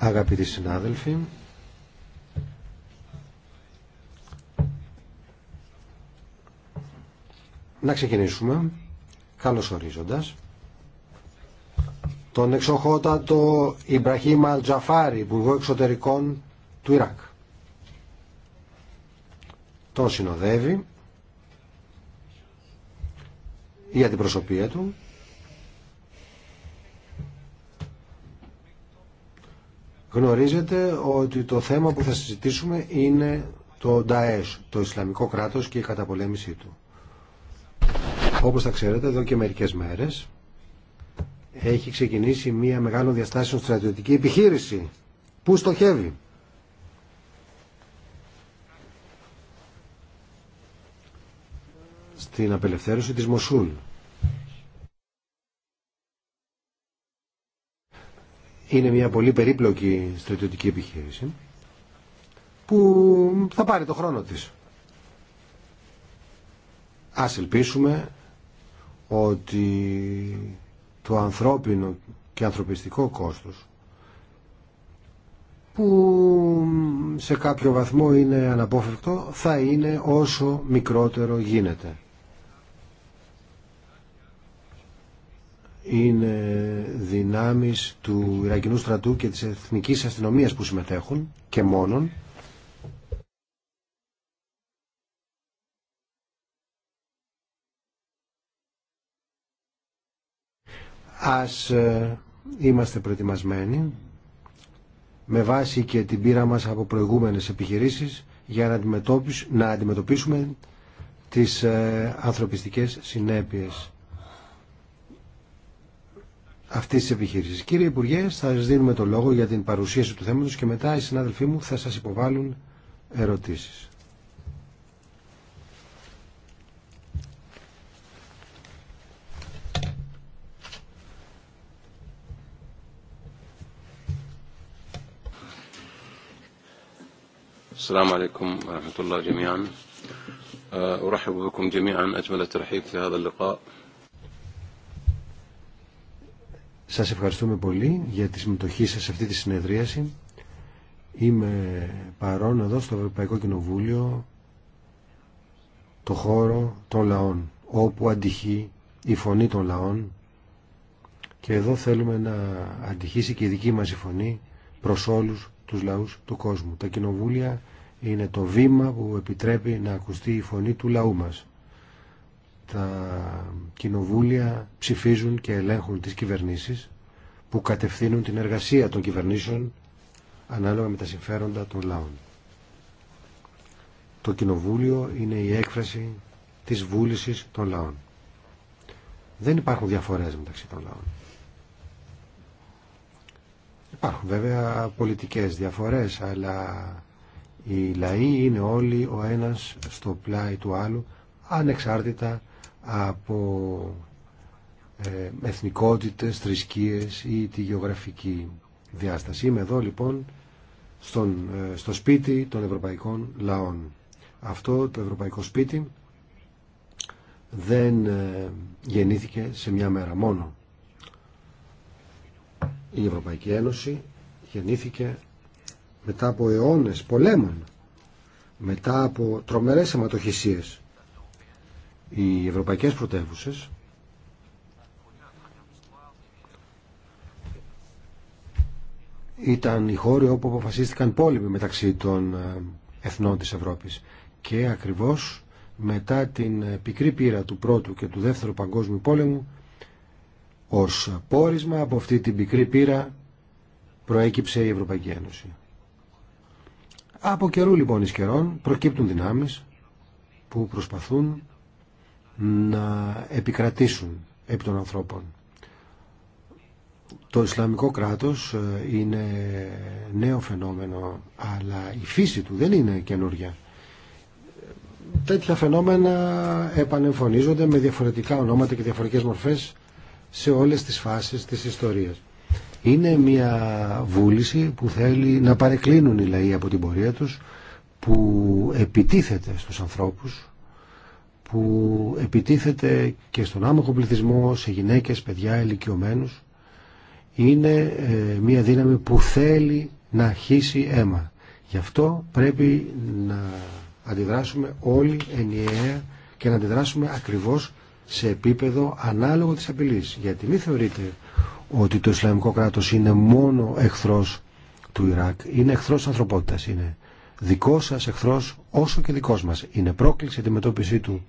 Αγαπητοί συνάδελφοι, να ξεκινήσουμε καλώς ορίζοντας τον εξοχότατο Ιμπραχήμ Αλτζαφάρη, Υπουργό Εξωτερικών του Ιράκ. Τον συνοδεύει η προσωπία του Γνωρίζετε ότι το θέμα που θα συζητήσουμε είναι το Νταέσ, το Ισλαμικό κράτος και η καταπολέμησή του. Όπως θα ξέρετε, εδώ και μερικές μέρες έχει ξεκινήσει μια μεγάλο διαστάσεων στρατιωτική επιχείρηση. Πού στοχεύει. Στην απελευθέρωση της Μοσούλ. είναι μια πολύ περίπλοκη στρατιωτική επιχείρηση που θα πάρει το χρόνο της. Ας ελπίσουμε ότι το ανθρώπινο και ανθρωπιστικό κόστος που σε κάποιο βαθμό είναι αναπόφευκτο θα είναι όσο μικρότερο γίνεται. είναι δυνάμεις του Ιρακινού στρατού και της εθνικής αστυνομίας που συμμετέχουν και μόνον. Ας ε, είμαστε προετοιμασμένοι με βάση και την πείρα μας από προηγούμενες επιχειρήσεις για να, να αντιμετωπίσουμε τις ε, ανθρωπιστικές συνέπειες αυτής της επιχείρησης. Κύριε Υπουργέ, θα σας δίνουμε το λόγο για την παρουσίαση του θέματος και μετά οι συνάδελφοί μου θα σας υποβάλουν ερωτήσεις. السلام عليكم ورحمة الله جميعا أرحب بكم جميعا أجمل الترحيب في هذا اللقاء Σας ευχαριστούμε πολύ για τη συμμετοχή σας σε αυτή τη συνεδρίαση. Είμαι παρόν εδώ στο Ευρωπαϊκό Κοινοβούλιο το χώρο των λαών, όπου αντυχεί η φωνή των λαών και εδώ θέλουμε να αντυχήσει και η δική μας η φωνή προς όλους τους λαούς του κόσμου. Τα κοινοβούλια είναι το βήμα που επιτρέπει να ακουστεί η φωνή του λαού μας τα κοινοβούλια ψηφίζουν και ελέγχουν τις κυβερνήσεις που κατευθύνουν την εργασία των κυβερνήσεων ανάλογα με τα συμφέροντα των λαών. Το κοινοβούλιο είναι η έκφραση της βούλησης των λαών. Δεν υπάρχουν διαφορές μεταξύ των λαών. Υπάρχουν βέβαια πολιτικές διαφορές, αλλά οι λαοί είναι όλοι ο ένας στο πλάι του άλλου, ανεξάρτητα από ε, εθνικότητες, θρησκείες ή τη γεωγραφική διάσταση. Είμαι εδώ λοιπόν στον, ε, στο σπίτι των ευρωπαϊκών λαών. Αυτό το ευρωπαϊκό σπίτι δεν ε, γεννήθηκε σε μια μέρα μόνο. Η Ευρωπαϊκή Ένωση γεννήθηκε μετά από αιώνες πολέμων, μετά από τρομερές αιματοχυσίες οι ευρωπαϊκές πρωτεύουσες ήταν οι χώροι όπου αποφασίστηκαν πόλεμοι μεταξύ των ε, εθνών της Ευρώπης και ακριβώς μετά την πικρή πείρα του πρώτου και του δεύτερου παγκόσμιου πόλεμου ως πόρισμα από αυτή την πικρή πείρα προέκυψε η Ευρωπαϊκή Ένωση. Από καιρού λοιπόν εις καιρών προκύπτουν δυνάμεις που προσπαθούν να επικρατήσουν επί των ανθρώπων. Το Ισλαμικό κράτος ε, είναι νέο φαινόμενο, αλλά η φύση του δεν είναι καινούρια. Τέτοια φαινόμενα επανεμφωνίζονται με διαφορετικά ονόματα και διαφορετικές μορφές σε όλες τις φάσεις της ιστορίας. Είναι μια βούληση που θέλει να παρεκκλίνουν οι λαοί από την πορεία τους, που επιτίθεται στους ανθρώπους που επιτίθεται και στον άμαχο πληθυσμό, σε γυναίκες, παιδιά, ηλικιωμένους, είναι ε, μια δύναμη που θέλει να χύσει αίμα. Γι' αυτό πρέπει να αντιδράσουμε όλοι ενιαία και να αντιδράσουμε ακριβώς σε επίπεδο ανάλογο της απειλής. Γιατί μη θεωρείτε ότι το Ισλαμικό κράτος είναι μόνο εχθρός του Ιράκ. Είναι εχθρός ανθρωπότητας. Είναι δικό σας εχθρός όσο και δικός μας. Είναι πρόκληση αντιμετώπιση του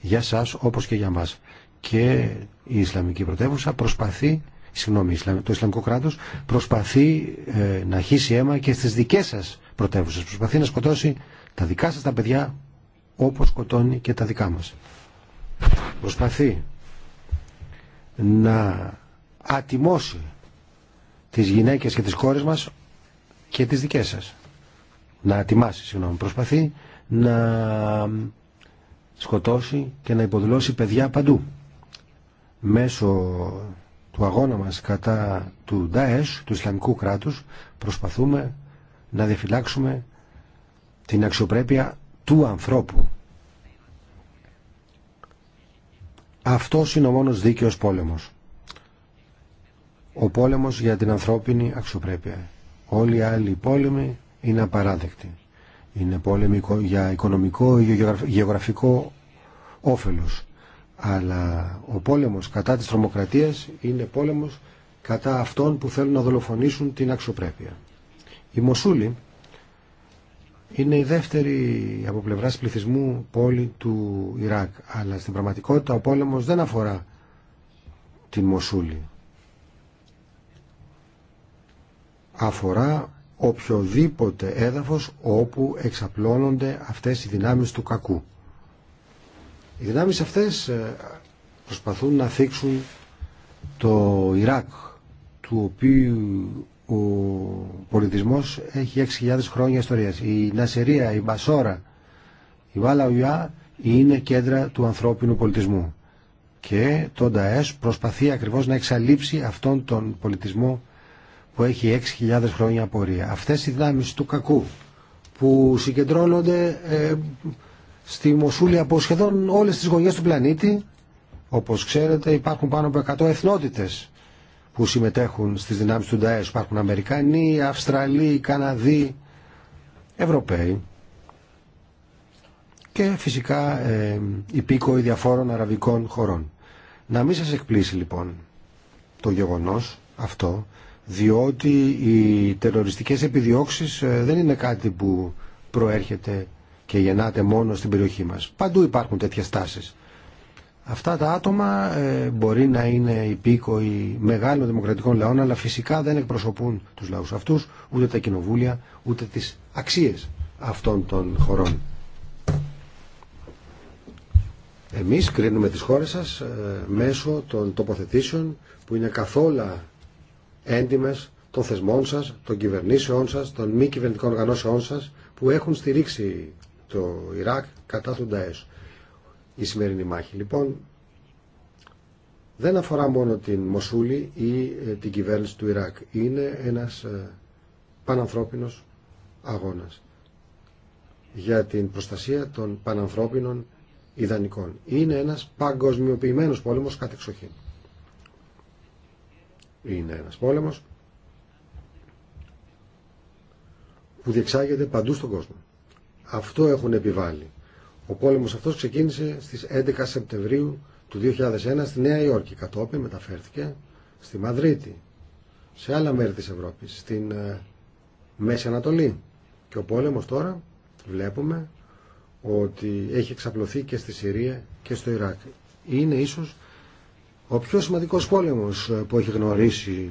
για σας όπως και για μας. Και η Ισλαμική πρωτεύουσα προσπαθεί, συγγνώμη, το Ισλαμικό κράτος προσπαθεί ε, να χύσει αίμα και στις δικές σας πρωτεύουσες. Προσπαθεί να σκοτώσει τα δικά σας τα παιδιά όπως σκοτώνει και τα δικά μας. Προσπαθεί να ατιμώσει τις γυναίκες και τις κόρες μας και τις δικές σας να ετοιμάσει συγγνώμη, προσπαθεί να σκοτώσει και να υποδηλώσει παιδιά παντού. Μέσω του αγώνα μας κατά του ΝΤΑΕΣ, του Ισλαμικού κράτους, προσπαθούμε να διαφυλάξουμε την αξιοπρέπεια του ανθρώπου. Αυτό είναι ο μόνος δίκαιος πόλεμος. Ο πόλεμος για την ανθρώπινη αξιοπρέπεια. Όλοι οι άλλοι πόλεμοι είναι απαράδεκτη. Είναι πόλεμη για οικονομικό ή γεωγραφικό όφελος. Αλλά ο πόλεμος κατά της τρομοκρατίας είναι πόλεμος κατά αυτών που θέλουν να δολοφονήσουν την αξιοπρέπεια. Η Μοσούλη είναι η δεύτερη από πλευράς πληθυσμού πόλη του Ιράκ. Αλλά στην πραγματικότητα ο πόλεμος δεν αφορά την Μοσούλη. Αφορά οποιοδήποτε έδαφος όπου εξαπλώνονται αυτές οι δυνάμεις του κακού. Οι δυνάμεις αυτές ε, προσπαθούν να θίξουν το Ιράκ του οποίου ο πολιτισμός έχει 6.000 χρόνια ιστορίας. Η Νασερία, η Μπασόρα, η Βαλαουιά είναι κέντρα του ανθρώπινου πολιτισμού και το ΝΤΑΕΣ προσπαθεί ακριβώς να εξαλείψει αυτόν τον πολιτισμό που έχει 6.000 χρόνια πορεία. Αυτές οι δυνάμεις του κακού που συγκεντρώνονται ε, στη Μοσούλη από σχεδόν όλες τις γωνιές του πλανήτη. Όπως ξέρετε υπάρχουν πάνω από 100 εθνότητες που συμμετέχουν στις δυνάμεις του Νταέσου. Υπάρχουν Αμερικανοί, Αυστραλοί, Καναδοί, Ευρωπαίοι και φυσικά ε, υπήκοοι διαφόρων αραβικών χωρών. Να μην σας εκπλήσει λοιπόν το γεγονός αυτό διότι οι τερροριστικές επιδιώξεις ε, δεν είναι κάτι που προέρχεται και γεννάται μόνο στην περιοχή μας. Παντού υπάρχουν τέτοιες στάσεις. Αυτά τα άτομα ε, μπορεί να είναι υπήκοοι μεγάλων δημοκρατικών λαών, αλλά φυσικά δεν εκπροσωπούν τους λαούς αυτούς, ούτε τα κοινοβούλια, ούτε τις αξίες αυτών των χωρών. Εμείς κρίνουμε τις χώρες σας ε, μέσω των τοποθετήσεων που είναι καθόλου έντιμες των θεσμών σα, των κυβερνήσεών σα, των μη κυβερνητικών οργανώσεών σα που έχουν στηρίξει το Ιράκ κατά τον ΤΑΕΣ. Η σημερινή μάχη λοιπόν δεν αφορά μόνο την Μοσούλη ή ε, την κυβέρνηση του Ιράκ. Είναι ένας ε, πανανθρώπινος αγώνας για την προστασία των πανανθρώπινων ιδανικών. Είναι ένας παγκοσμιοποιημένος πόλεμος κατεξοχήν. Είναι ένας πόλεμος που διεξάγεται παντού στον κόσμο. Αυτό έχουν επιβάλει. Ο πόλεμος αυτός ξεκίνησε στις 11 Σεπτεμβρίου του 2001 στη Νέα Υόρκη. Κατόπιν μεταφέρθηκε στη Μαδρίτη, σε άλλα μέρη της Ευρώπης, στην ε, Μέση Ανατολή. Και ο πόλεμος τώρα βλέπουμε ότι έχει εξαπλωθεί και στη Συρία και στο Ιράκ. Είναι ίσως ο πιο σημαντικός πόλεμος ε, που έχει γνωρίσει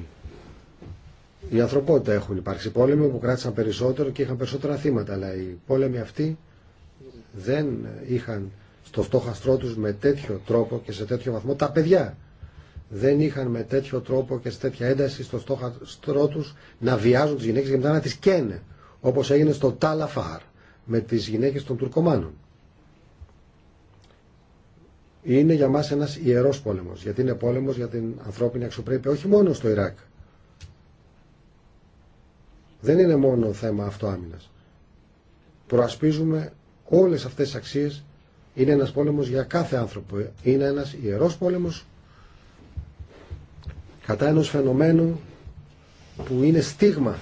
η ανθρωπότητα έχουν υπάρξει πόλεμοι που κράτησαν περισσότερο και είχαν περισσότερα θύματα, αλλά οι πόλεμοι αυτοί δεν είχαν στο στόχαστρό τους με τέτοιο τρόπο και σε τέτοιο βαθμό τα παιδιά. Δεν είχαν με τέτοιο τρόπο και σε τέτοια ένταση στο στόχαστρό τους να βιάζουν τις γυναίκες και μετά να τις καίνε, όπως έγινε στο Τάλαφάρ με τις γυναίκες των Τουρκομάνων είναι για μας ένας ιερός πόλεμος, γιατί είναι πόλεμος για την ανθρώπινη αξιοπρέπεια, όχι μόνο στο Ιράκ. Δεν είναι μόνο θέμα αυτό Προασπίζουμε όλες αυτές τις αξίες. Είναι ένας πόλεμος για κάθε άνθρωπο. Είναι ένας ιερός πόλεμος κατά ενό φαινομένου που είναι στίγμα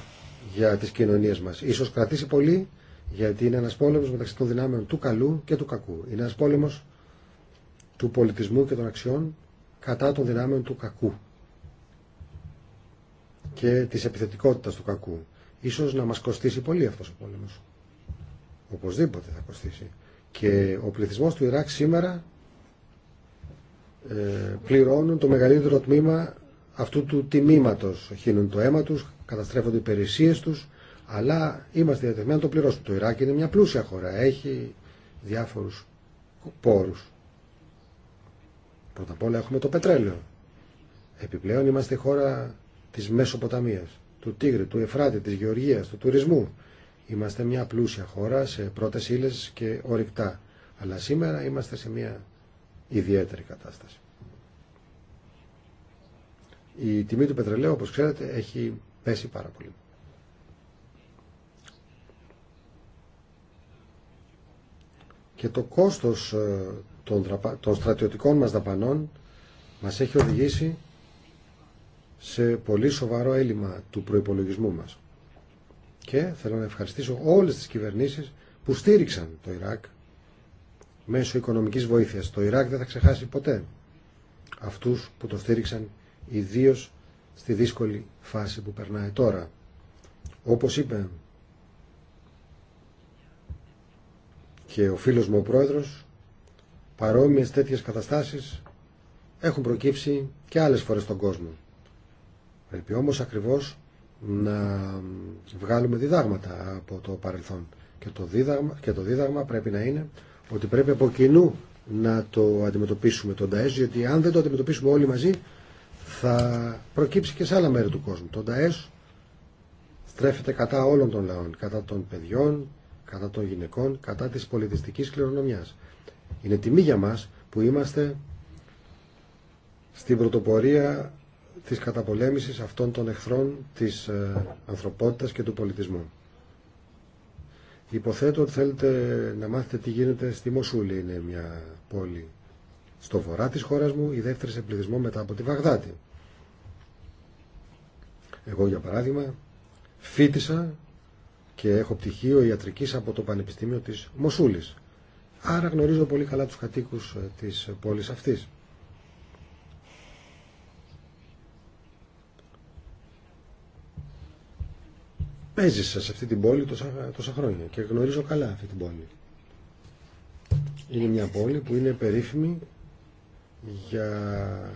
για τις κοινωνίες μας. Ίσως κρατήσει πολύ γιατί είναι ένας πόλεμος μεταξύ των δυνάμεων του καλού και του κακού. Είναι ένας πόλεμος του πολιτισμού και των αξιών κατά των δυνάμεων του κακού και της επιθετικότητας του κακού. Ίσως να μας κοστίσει πολύ αυτός ο πόλεμος. Οπωσδήποτε θα κοστίσει. Και ο πληθυσμός του Ιράκ σήμερα ε, πληρώνουν το μεγαλύτερο τμήμα αυτού του τιμήματος. Χύνουν το αίμα τους, καταστρέφονται οι υπηρεσίες τους, αλλά είμαστε διατεθειμένοι να το πληρώσουμε. Το Ιράκ είναι μια πλούσια χώρα, έχει διάφορους πόρους. Πρώτα απ' όλα έχουμε το πετρέλαιο. Επιπλέον είμαστε η χώρα της Μεσοποταμία, του Τίγρη, του Εφράτη, της Γεωργίας, του τουρισμού. Είμαστε μια πλούσια χώρα σε πρώτες ύλε και ορυκτά. Αλλά σήμερα είμαστε σε μια ιδιαίτερη κατάσταση. Η τιμή του πετρελαίου, όπως ξέρετε, έχει πέσει πάρα πολύ. Και το κόστος ε, των στρατιωτικών μας δαπανών μας έχει οδηγήσει σε πολύ σοβαρό έλλειμμα του προϋπολογισμού μας. Και θέλω να ευχαριστήσω όλες τις κυβερνήσεις που στήριξαν το Ιράκ μέσω οικονομικής βοήθειας. Το Ιράκ δεν θα ξεχάσει ποτέ αυτούς που το στήριξαν ιδίω στη δύσκολη φάση που περνάει τώρα. Όπως είπε και ο φίλος μου ο πρόεδρος, Παρόμοιες τέτοιες καταστάσεις έχουν προκύψει και άλλες φορές στον κόσμο. Πρέπει όμως ακριβώς να βγάλουμε διδάγματα από το παρελθόν. Και το δίδαγμα, και το δίδαγμα πρέπει να είναι ότι πρέπει από κοινού να το αντιμετωπίσουμε τον ΤΑΕΣ, γιατί αν δεν το αντιμετωπίσουμε όλοι μαζί θα προκύψει και σε άλλα μέρη του κόσμου. Το ΤΑΕΣ στρέφεται κατά όλων των λαών, κατά των παιδιών, κατά των γυναικών, κατά της πολιτιστικής κληρονομιάς. Είναι τιμή για μας που είμαστε στην πρωτοπορία της καταπολέμησης αυτών των εχθρών της ε, ανθρωπότητας και του πολιτισμού. Υποθέτω ότι θέλετε να μάθετε τι γίνεται στη Μοσούλη. Είναι μια πόλη στο βορρά της χώρας μου, η δεύτερη σε πληθυσμό μετά από τη Βαγδάτη. Εγώ για παράδειγμα φίτησα και έχω πτυχίο ιατρικής από το Πανεπιστήμιο της Μοσούλης. Άρα γνωρίζω πολύ καλά τους κατοίκους ε, της πόλης αυτής. Έζησα σε αυτή την πόλη τόσα, τόσα χρόνια και γνωρίζω καλά αυτή την πόλη. Είναι μια πόλη που είναι περίφημη για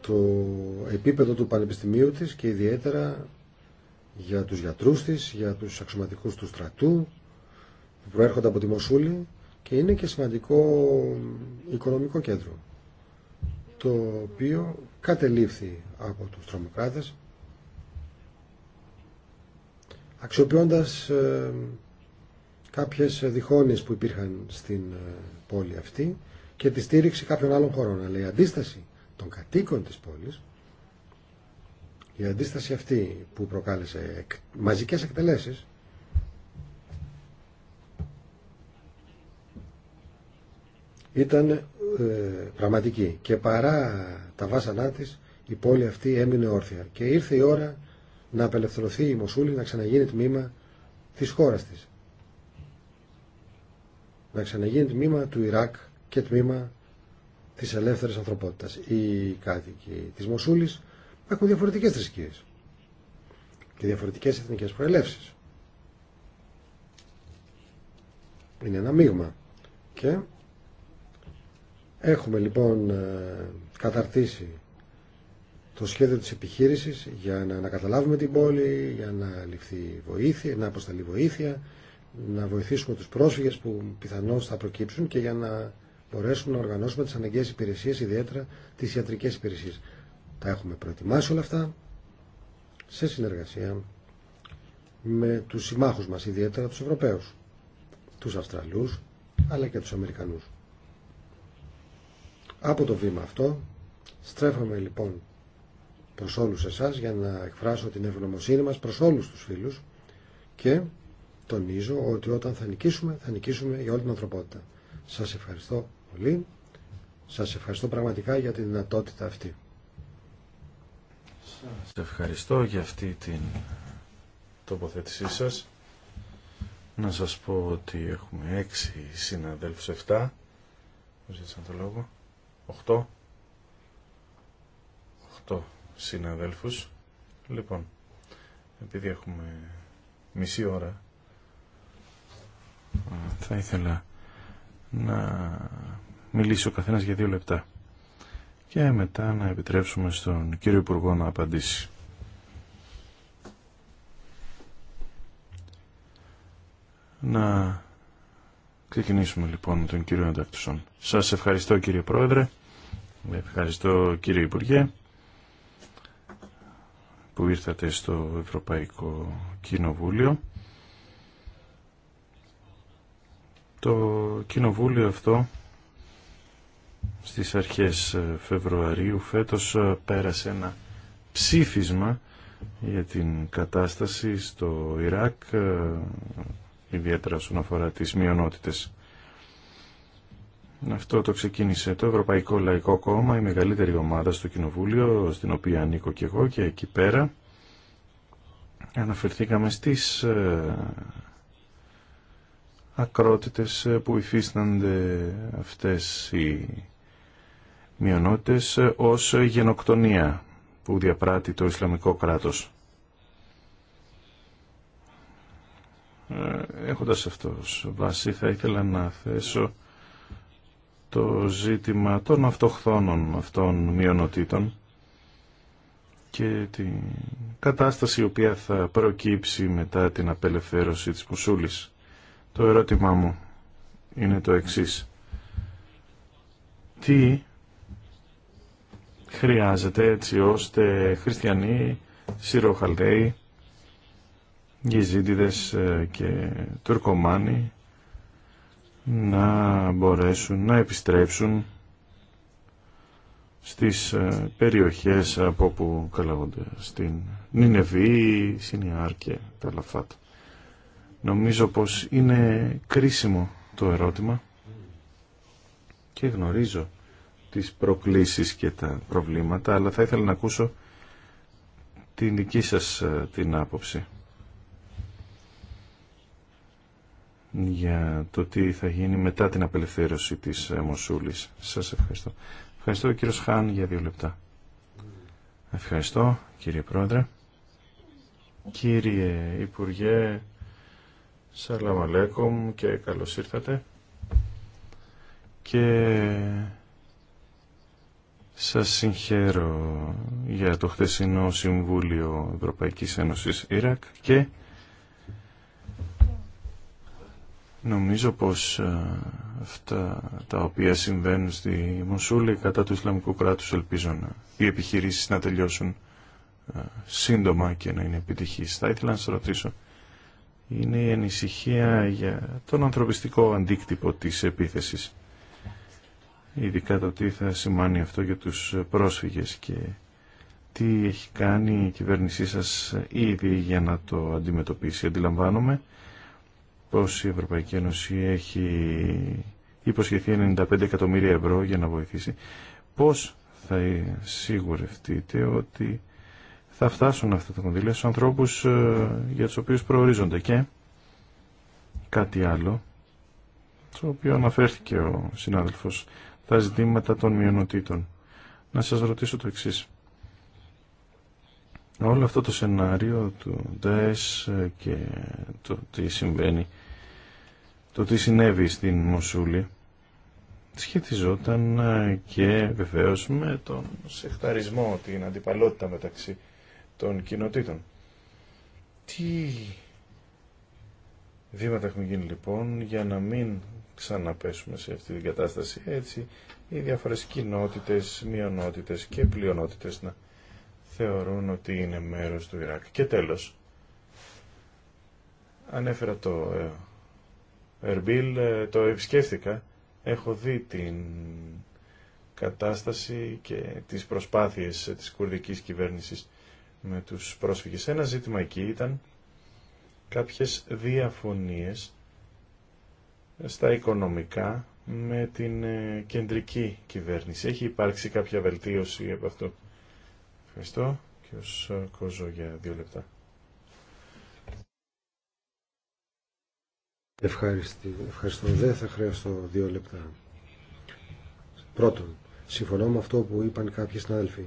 το επίπεδο του πανεπιστημίου της και ιδιαίτερα για τους γιατρούς της, για τους αξιωματικούς του στρατού, προέρχονται από τη Μοσούλη και είναι και σημαντικό οικονομικό κέντρο το οποίο κατελήφθη από τους τρομοκράτες αξιοποιώντας ε, κάποιες διχόνες που υπήρχαν στην ε, πόλη αυτή και τη στήριξη κάποιων άλλων χωρών. Αλλά η αντίσταση των κατοίκων της πόλης, η αντίσταση αυτή που προκάλεσε μαζικές εκτελέσεις, ήταν ε, πραγματική και παρά τα βάσανά της η πόλη αυτή έμεινε όρθια και ήρθε η ώρα να απελευθερωθεί η Μοσούλη να ξαναγίνει τμήμα της χώρας της να ξαναγίνει τμήμα του Ιράκ και τμήμα της ελεύθερης ανθρωπότητας οι κάτοικοι της Μοσούλης έχουν διαφορετικές θρησκείες και διαφορετικές εθνικές προελεύσεις είναι ένα μείγμα και Έχουμε λοιπόν ε, καταρτήσει το σχέδιο της επιχείρησης για να καταλάβουμε την πόλη, για να ληφθεί βοήθεια, να αποσταλεί βοήθεια, να βοηθήσουμε τους πρόσφυγες που πιθανώς θα προκύψουν και για να μπορέσουμε να οργανώσουμε τις αναγκαίες υπηρεσίες, ιδιαίτερα τις ιατρικές υπηρεσίες. Τα έχουμε προετοιμάσει όλα αυτά σε συνεργασία με τους συμμάχους μας, ιδιαίτερα τους Ευρωπαίους, τους Αυστραλούς, αλλά και τους Αμερικανούς από το βήμα αυτό. στρέφομαι λοιπόν προς όλους εσάς για να εκφράσω την ευγνωμοσύνη μας προς όλους τους φίλους και τονίζω ότι όταν θα νικήσουμε, θα νικήσουμε για όλη την ανθρωπότητα. Σας ευχαριστώ πολύ. Σας ευχαριστώ πραγματικά για τη δυνατότητα αυτή. Σας ευχαριστώ για αυτή την τοποθέτησή σας. Να σας πω ότι έχουμε έξι συναδέλφους, εφτά. Ζήτησαν το λόγο. 8 8 συναδέλφους λοιπόν επειδή έχουμε μισή ώρα θα ήθελα να μιλήσει ο καθένας για δύο λεπτά και μετά να επιτρέψουμε στον κύριο Υπουργό να απαντήσει. Να Ξεκινήσουμε λοιπόν με τον κύριο Αντάκτουσον. Σας ευχαριστώ κύριε Πρόεδρε, ευχαριστώ κύριε Υπουργέ που ήρθατε στο Ευρωπαϊκό Κοινοβούλιο. Το Κοινοβούλιο αυτό στις αρχές ε, Φεβρουαρίου φέτος ε, πέρασε ένα ψήφισμα για την κατάσταση στο Ιράκ ε, ιδιαίτερα όσον αφορά τι μειονότητε. Αυτό το ξεκίνησε το Ευρωπαϊκό Λαϊκό Κόμμα, η μεγαλύτερη ομάδα στο Κοινοβούλιο, στην οποία ανήκω και εγώ και εκεί πέρα. Αναφερθήκαμε στις ε, ακρότητες ε, που υφίστανται αυτές οι μειονότητες ε, ως γενοκτονία που διαπράττει το Ισλαμικό κράτος. Ε, έχοντας αυτό βάση θα ήθελα να θέσω το ζήτημα των αυτοχθόνων αυτών μειονοτήτων και την κατάσταση η οποία θα προκύψει μετά την απελευθέρωση της Μουσούλης. Το ερώτημά μου είναι το εξής. Τι χρειάζεται έτσι ώστε χριστιανοί, σιροχαλδαίοι Γεζίδιδες ε, και Τουρκομάνοι να μπορέσουν να επιστρέψουν στις ε, περιοχές από όπου καλαγόνται στην Νινεβή, Σινιάρ και τα Λαφάτα. Νομίζω πως είναι κρίσιμο το ερώτημα και γνωρίζω τις προκλήσεις και τα προβλήματα αλλά θα ήθελα να ακούσω την δική σας ε, την άποψη. για το τι θα γίνει μετά την απελευθέρωση της ε, Μοσούλης. Σας ευχαριστώ. Ευχαριστώ κύριο Χάν για δύο λεπτά. Ευχαριστώ κύριε Πρόεδρε. Κύριε Υπουργέ, Σαλαμαλέκομ και καλώς ήρθατε. Και σας συγχαίρω για το χθεσινό Συμβούλιο Ευρωπαϊκής Ένωσης Ιρακ και Νομίζω πως ε, αυτά τα οποία συμβαίνουν στη Μοσούλη κατά του Ισλαμικού κράτους ελπίζω να, οι επιχειρήσεις να τελειώσουν ε, σύντομα και να είναι επιτυχής. Θα ήθελα να σας ρωτήσω, είναι η ανησυχία για τον ανθρωπιστικό αντίκτυπο της επίθεσης. Ειδικά το τι θα σημάνει αυτό για τους πρόσφυγες και τι έχει κάνει η κυβέρνησή σας ήδη για να το αντιμετωπίσει. Αντιλαμβάνομαι πως η Ευρωπαϊκή Ένωση έχει υποσχεθεί 95 εκατομμύρια ευρώ για να βοηθήσει. Πώς θα σίγουρευτείτε ότι θα φτάσουν αυτά τα κονδύλια στους ανθρώπους ε, για τους οποίους προορίζονται και κάτι άλλο το οποίο αναφέρθηκε ο συνάδελφος τα ζητήματα των μειονοτήτων. Να σας ρωτήσω το εξής. Όλο αυτό το σενάριο του ΝΤΕΣ ε, και το τι συμβαίνει το τι συνέβη στην Μοσούλη σχετιζόταν ε, και βεβαίως με τον σεχταρισμό, την αντιπαλότητα μεταξύ των κοινοτήτων. Τι βήματα έχουμε γίνει λοιπόν για να μην ξαναπέσουμε σε αυτή την κατάσταση έτσι οι διάφορες κοινότητες, μειονότητες και πλειονότητες να θεωρούν ότι είναι μέρος του Ιράκ. Και τέλος, ανέφερα το ε, Ερμπίλ ε, το επισκέφθηκα. Έχω δει την κατάσταση και τις προσπάθειες ε, της κουρδικής κυβέρνησης με τους πρόσφυγες. Ένα ζήτημα εκεί ήταν κάποιες διαφωνίες στα οικονομικά με την ε, κεντρική κυβέρνηση. Έχει υπάρξει κάποια βελτίωση από αυτό. Ευχαριστώ. ως Κόζο για δύο λεπτά. Ευχαριστώ. Δεν θα χρειαστώ δύο λεπτά. Πρώτον, συμφωνώ με αυτό που είπαν κάποιοι συνάδελφοι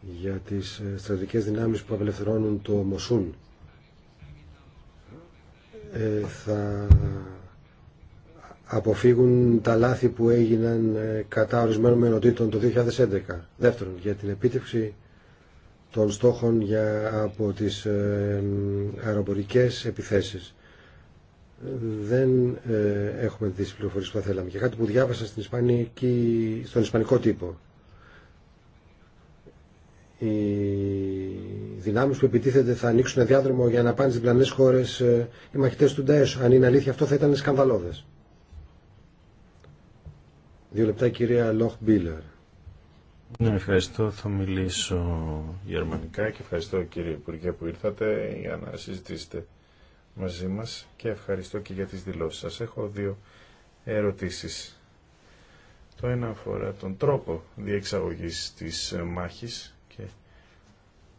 για τις ε, στρατικές δυνάμεις που απελευθερώνουν το Μοσούλ. Ε, θα αποφύγουν τα λάθη που έγιναν ε, κατά ορισμένων μενοτήτων το 2011. Δεύτερον, για την επίτευξη των στόχων για, από τις αεροπορικές επιθέσεις δεν ε, έχουμε τις πληροφορίες που θα θέλαμε. Και κάτι που διάβασα στην Ισπανική, στον Ισπανικό τύπο. Οι δυνάμεις που επιτίθεται θα ανοίξουν διάδρομο για να πάνε στις διπλανές χώρες ε, οι μαχητές του Νταέσ. Αν είναι αλήθεια αυτό θα ήταν σκανδαλώδες. Δύο λεπτά κυρία Λόχ Μπίλερ. Ναι, ευχαριστώ. Θα μιλήσω γερμανικά και ευχαριστώ κύριε Υπουργέ που ήρθατε για να συζητήσετε μαζί μας και ευχαριστώ και για τις δηλώσεις σας. Έχω δύο ερωτήσεις. Το ένα αφορά τον τρόπο διεξαγωγής της ε, μάχης και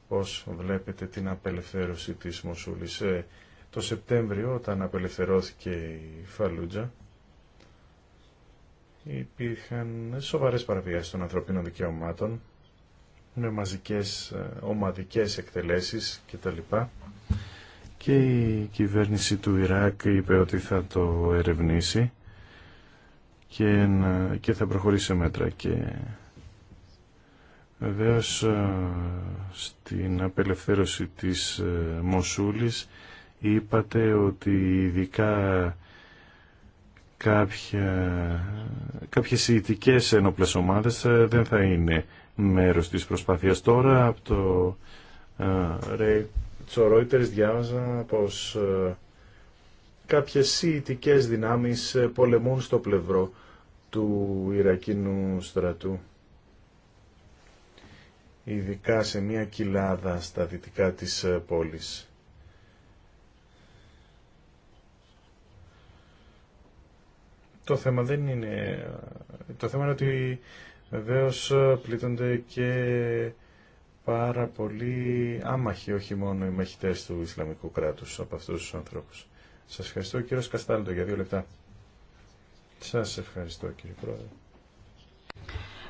πώς βλέπετε την απελευθέρωση της Μοσούλης. Ε, το Σεπτέμβριο όταν απελευθερώθηκε η Φαλούτζα υπήρχαν σοβαρές παραβιάσεις των ανθρωπίνων δικαιωμάτων με μαζικές ε, ομαδικές εκτελέσεις κτλ και η κυβέρνηση του Ιράκ είπε ότι θα το ερευνήσει και, και θα προχωρήσει μέτρα και βεβαίως στην απελευθέρωση της ε, Μοσούλης είπατε ότι ειδικά κάποια, κάποιες ηθικές ένοπλες ομάδες ε, δεν θα είναι μέρος της προσπάθειας τώρα από το Ρέι στο Reuters διάβαζα πως ε, κάποιες σιητικές δυνάμεις ε, πολεμούν στο πλευρό του Ιρακίνου στρατού. Ειδικά σε μια κοιλάδα στα δυτικά της ε, πόλης. Το θέμα δεν είναι... Το θέμα είναι ότι βεβαίως πλήττονται και πάρα πολύ άμαχοι, όχι μόνο οι μαχητές του Ισλαμικού κράτους από αυτούς τους ανθρώπους. Σας ευχαριστώ κύριο Καστάλτο για δύο λεπτά. Σας ευχαριστώ κύριε Πρόεδρε.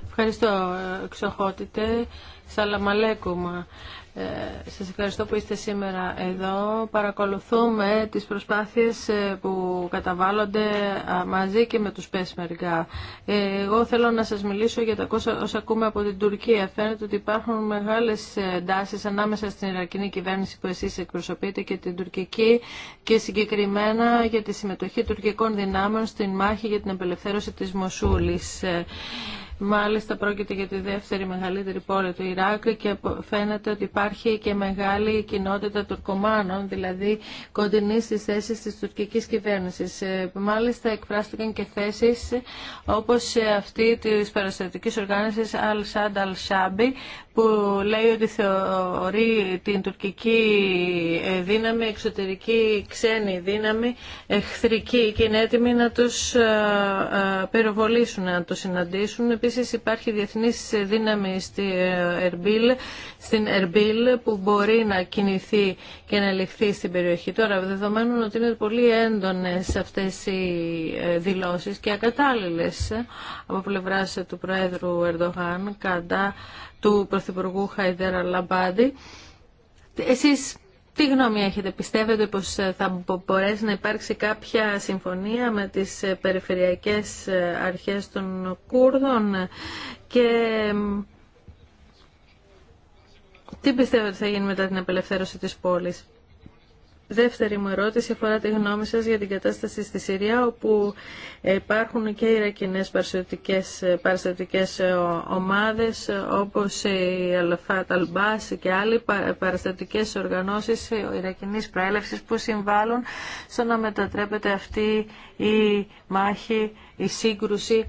Ευχαριστώ, εξοχότητε. Σαλαμαλέκουμα. Ε, σας ευχαριστώ που είστε σήμερα εδώ. Παρακολουθούμε τις προσπάθειες ε, που καταβάλλονται μαζί και με τους Πέσμεργα. Ε, εγώ θέλω να σας μιλήσω για τα όσα ακούμε από την Τουρκία. Φαίνεται ότι υπάρχουν μεγάλες εντάσεις ανάμεσα στην Ιρακινή κυβέρνηση που εσείς εκπροσωπείτε και την τουρκική και συγκεκριμένα για τη συμμετοχή τουρκικών δυνάμεων στην μάχη για την απελευθέρωση της Μοσούλης. Ε, Μάλιστα πρόκειται για τη δεύτερη μεγαλύτερη πόλη του Ιράκ και φαίνεται ότι υπάρχει και μεγάλη κοινότητα τουρκομάνων, δηλαδή κοντινή στι θέσει τη τουρκική κυβέρνηση. Ε, μάλιστα εκφράστηκαν και θέσει όπω αυτή τη παραστατική οργάνωση Al-Sad Al-Shabi που λέει ότι θεωρεί την τουρκική ε, δύναμη εξωτερική ξένη δύναμη εχθρική και είναι έτοιμη να του ε, πυροβολήσουν, να του συναντήσουν. Επίσης υπάρχει διεθνής δύναμη στη ε, Ερμπίλ, στην Ερμπίλ που μπορεί να κινηθεί και να ληφθεί στην περιοχή. Τώρα, δεδομένου ότι είναι πολύ έντονες αυτές οι ε, δηλώσεις και ακατάλληλες από πλευρά του Προέδρου Ερντογάν κατά του Πρωθυπουργού Χαϊδέρα Λαμπάντη, εσείς τι γνώμη έχετε, πιστεύετε πως ε, θα μπορέσει να υπάρξει κάποια συμφωνία με τις ε, περιφερειακές ε, αρχές των Κούρδων και τι πιστεύετε θα γίνει μετά την απελευθέρωση της πόλης. Δεύτερη μου ερώτηση αφορά τη γνώμη σας για την κατάσταση στη Συρία, όπου υπάρχουν και οι παραστατικές, παραστατικές ε, ομάδες, όπως η Αλφάτ και άλλοι παραστατικές οργανώσεις ε, Ιρακινής προέλευσης που συμβάλλουν στο να μετατρέπεται αυτή η μάχη, η σύγκρουση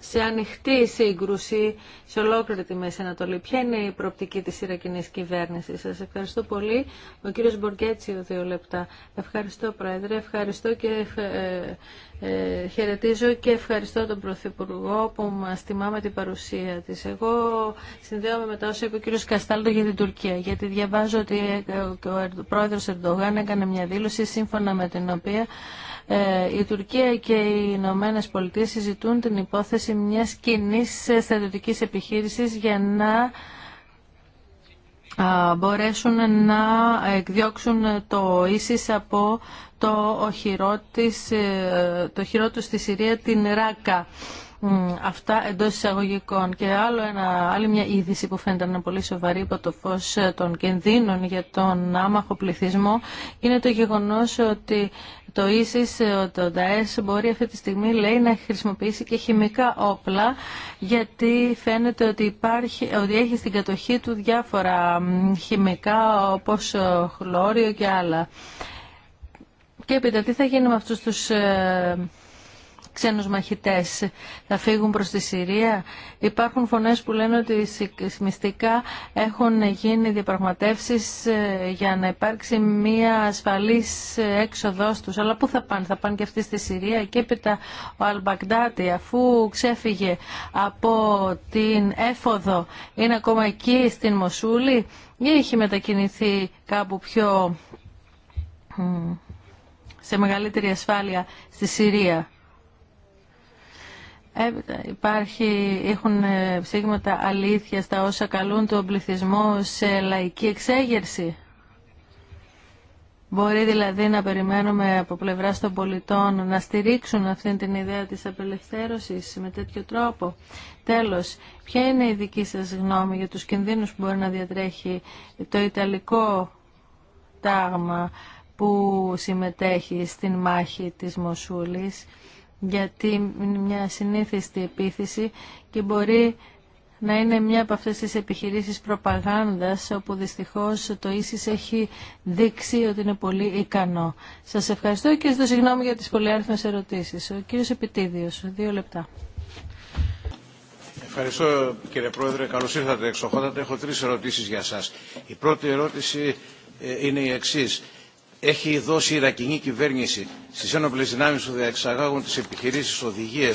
σε ανοιχτή σύγκρουση σε ολόκληρη τη Μέση Ανατολή. Ποια είναι η προοπτική της Ιρακινής κυβέρνησης. Σας ευχαριστώ πολύ. Ο κύριος Μποργκέτσιο, δύο λεπτά. Ευχαριστώ, Πρόεδρε. Ευχαριστώ και ε, ε, χαιρετίζω και ευχαριστώ τον Πρωθυπουργό που μας τιμά με την παρουσία της. Εγώ συνδέομαι με τα όσα είπε ο κύριος Καστάλτο για την Τουρκία, γιατί διαβάζω ότι ο πρόεδρο Ερντογάν έκανε μια δήλωση σύμφωνα με την οποία ε, η Τουρκία και οι Ηνωμένε Πολιτείε συζητούν την υπόθεση μιας κοινή ε, στρατιωτικής επιχείρησης για να μπορέσουν να εκδιώξουν το ίσις από το χειρό, της, ε, το χειρό του στη Συρία, την Ράκα αυτά εντό εισαγωγικών. Και άλλο ένα, άλλη μια είδηση που φαίνεται να είναι πολύ σοβαρή υπό το φως ε, των κινδύνων για τον άμαχο πληθυσμό είναι το γεγονός ότι το ίσις, ε, το ΝΤΑΕΣ μπορεί αυτή τη στιγμή λέει να χρησιμοποιήσει και χημικά όπλα γιατί φαίνεται ότι, υπάρχει, ότι έχει στην κατοχή του διάφορα χημικά όπως ε, χλώριο και άλλα. Και έπειτα τι θα γίνει με αυτούς τους ξένους μαχητές. Θα φύγουν προς τη Συρία. Υπάρχουν φωνές που λένε ότι μυστικά έχουν γίνει διαπραγματεύσεις ε, για να υπάρξει μία ασφαλής έξοδος τους. Αλλά πού θα πάνε, θα πάνε και αυτοί στη Συρία και έπειτα ο Αλμπαγκδάτη αφού ξέφυγε από την έφοδο είναι ακόμα εκεί στην Μοσούλη ή έχει μετακινηθεί κάπου πιο σε μεγαλύτερη ασφάλεια στη Συρία. Ε, υπάρχει, έχουν ε, ψήγματα αλήθεια στα όσα καλούν τον πληθυσμό σε λαϊκή εξέγερση. Μπορεί δηλαδή να περιμένουμε από πλευράς των πολιτών να στηρίξουν αυτή την ιδέα της απελευθέρωσης με τέτοιο τρόπο. Τέλος, ποια είναι η δική σας γνώμη για τους κινδύνους που μπορεί να διατρέχει το Ιταλικό τάγμα που συμμετέχει στην μάχη της Μοσούλης γιατί είναι μια συνήθιστη επίθεση και μπορεί να είναι μια από αυτές τις επιχειρήσεις προπαγάνδας όπου δυστυχώς το ίσις έχει δείξει ότι είναι πολύ ικανό. Σας ευχαριστώ και ζητώ συγγνώμη για τις πολυάριθμες ερωτήσεις. Ο κύριος Επιτίδιος, δύο λεπτά. Ευχαριστώ κύριε Πρόεδρε. Καλώς ήρθατε εξοχότατε. Έχω τρεις ερωτήσεις για σας. Η πρώτη ερώτηση ε, είναι η εξής έχει δώσει η Ιρακινή κυβέρνηση στι ένοπλε δυνάμει που διεξαγάγουν τι επιχειρήσει οδηγίε,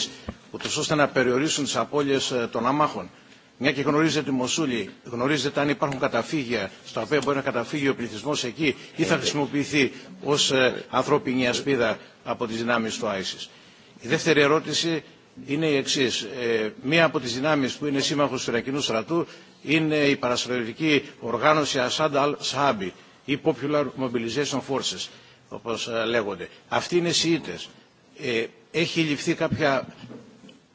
ούτω ώστε να περιορίσουν τι απώλειε ε, των αμάχων. Μια και γνωρίζετε τη Μοσούλη, γνωρίζετε αν υπάρχουν καταφύγια στο οποίο μπορεί να καταφύγει ο πληθυσμό εκεί ή θα χρησιμοποιηθεί ω ε, ανθρώπινη ασπίδα από τι δυνάμει του ΆΙΣΙ. Η δεύτερη ερώτηση είναι η εξή. Ε, μία από τι δυνάμει που είναι σύμμαχο του Ιρακινού στρατού είναι η παραστρατιωτική οργάνωση Ασάντα Αλ Σάμπι ή Popular Mobilization Forces, όπως ε, λέγονται. Αυτοί είναι Σιήτες. Ε, έχει ληφθεί κάποια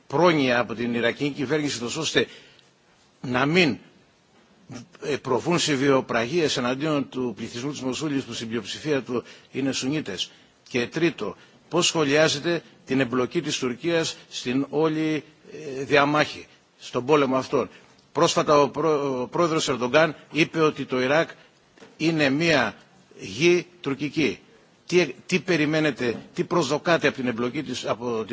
πρόνοια από την Ιρακινή κυβέρνηση, ώστε να μην ε, προβούν σε βιοπραγίες εναντίον του πληθυσμού της Μοσούλης που στην πλειοψηφία του είναι Σουνίτες. Και τρίτο, πώς σχολιάζεται την εμπλοκή της Τουρκίας στην όλη ε, διαμάχη, στον πόλεμο αυτόν. Πρόσφατα ο πρόεδρος Ερντογκάν είπε ότι το Ιράκ είναι μια γη τουρκική. Τι, περιμένετε, τι προσδοκάτε από την εμπλοκή της, από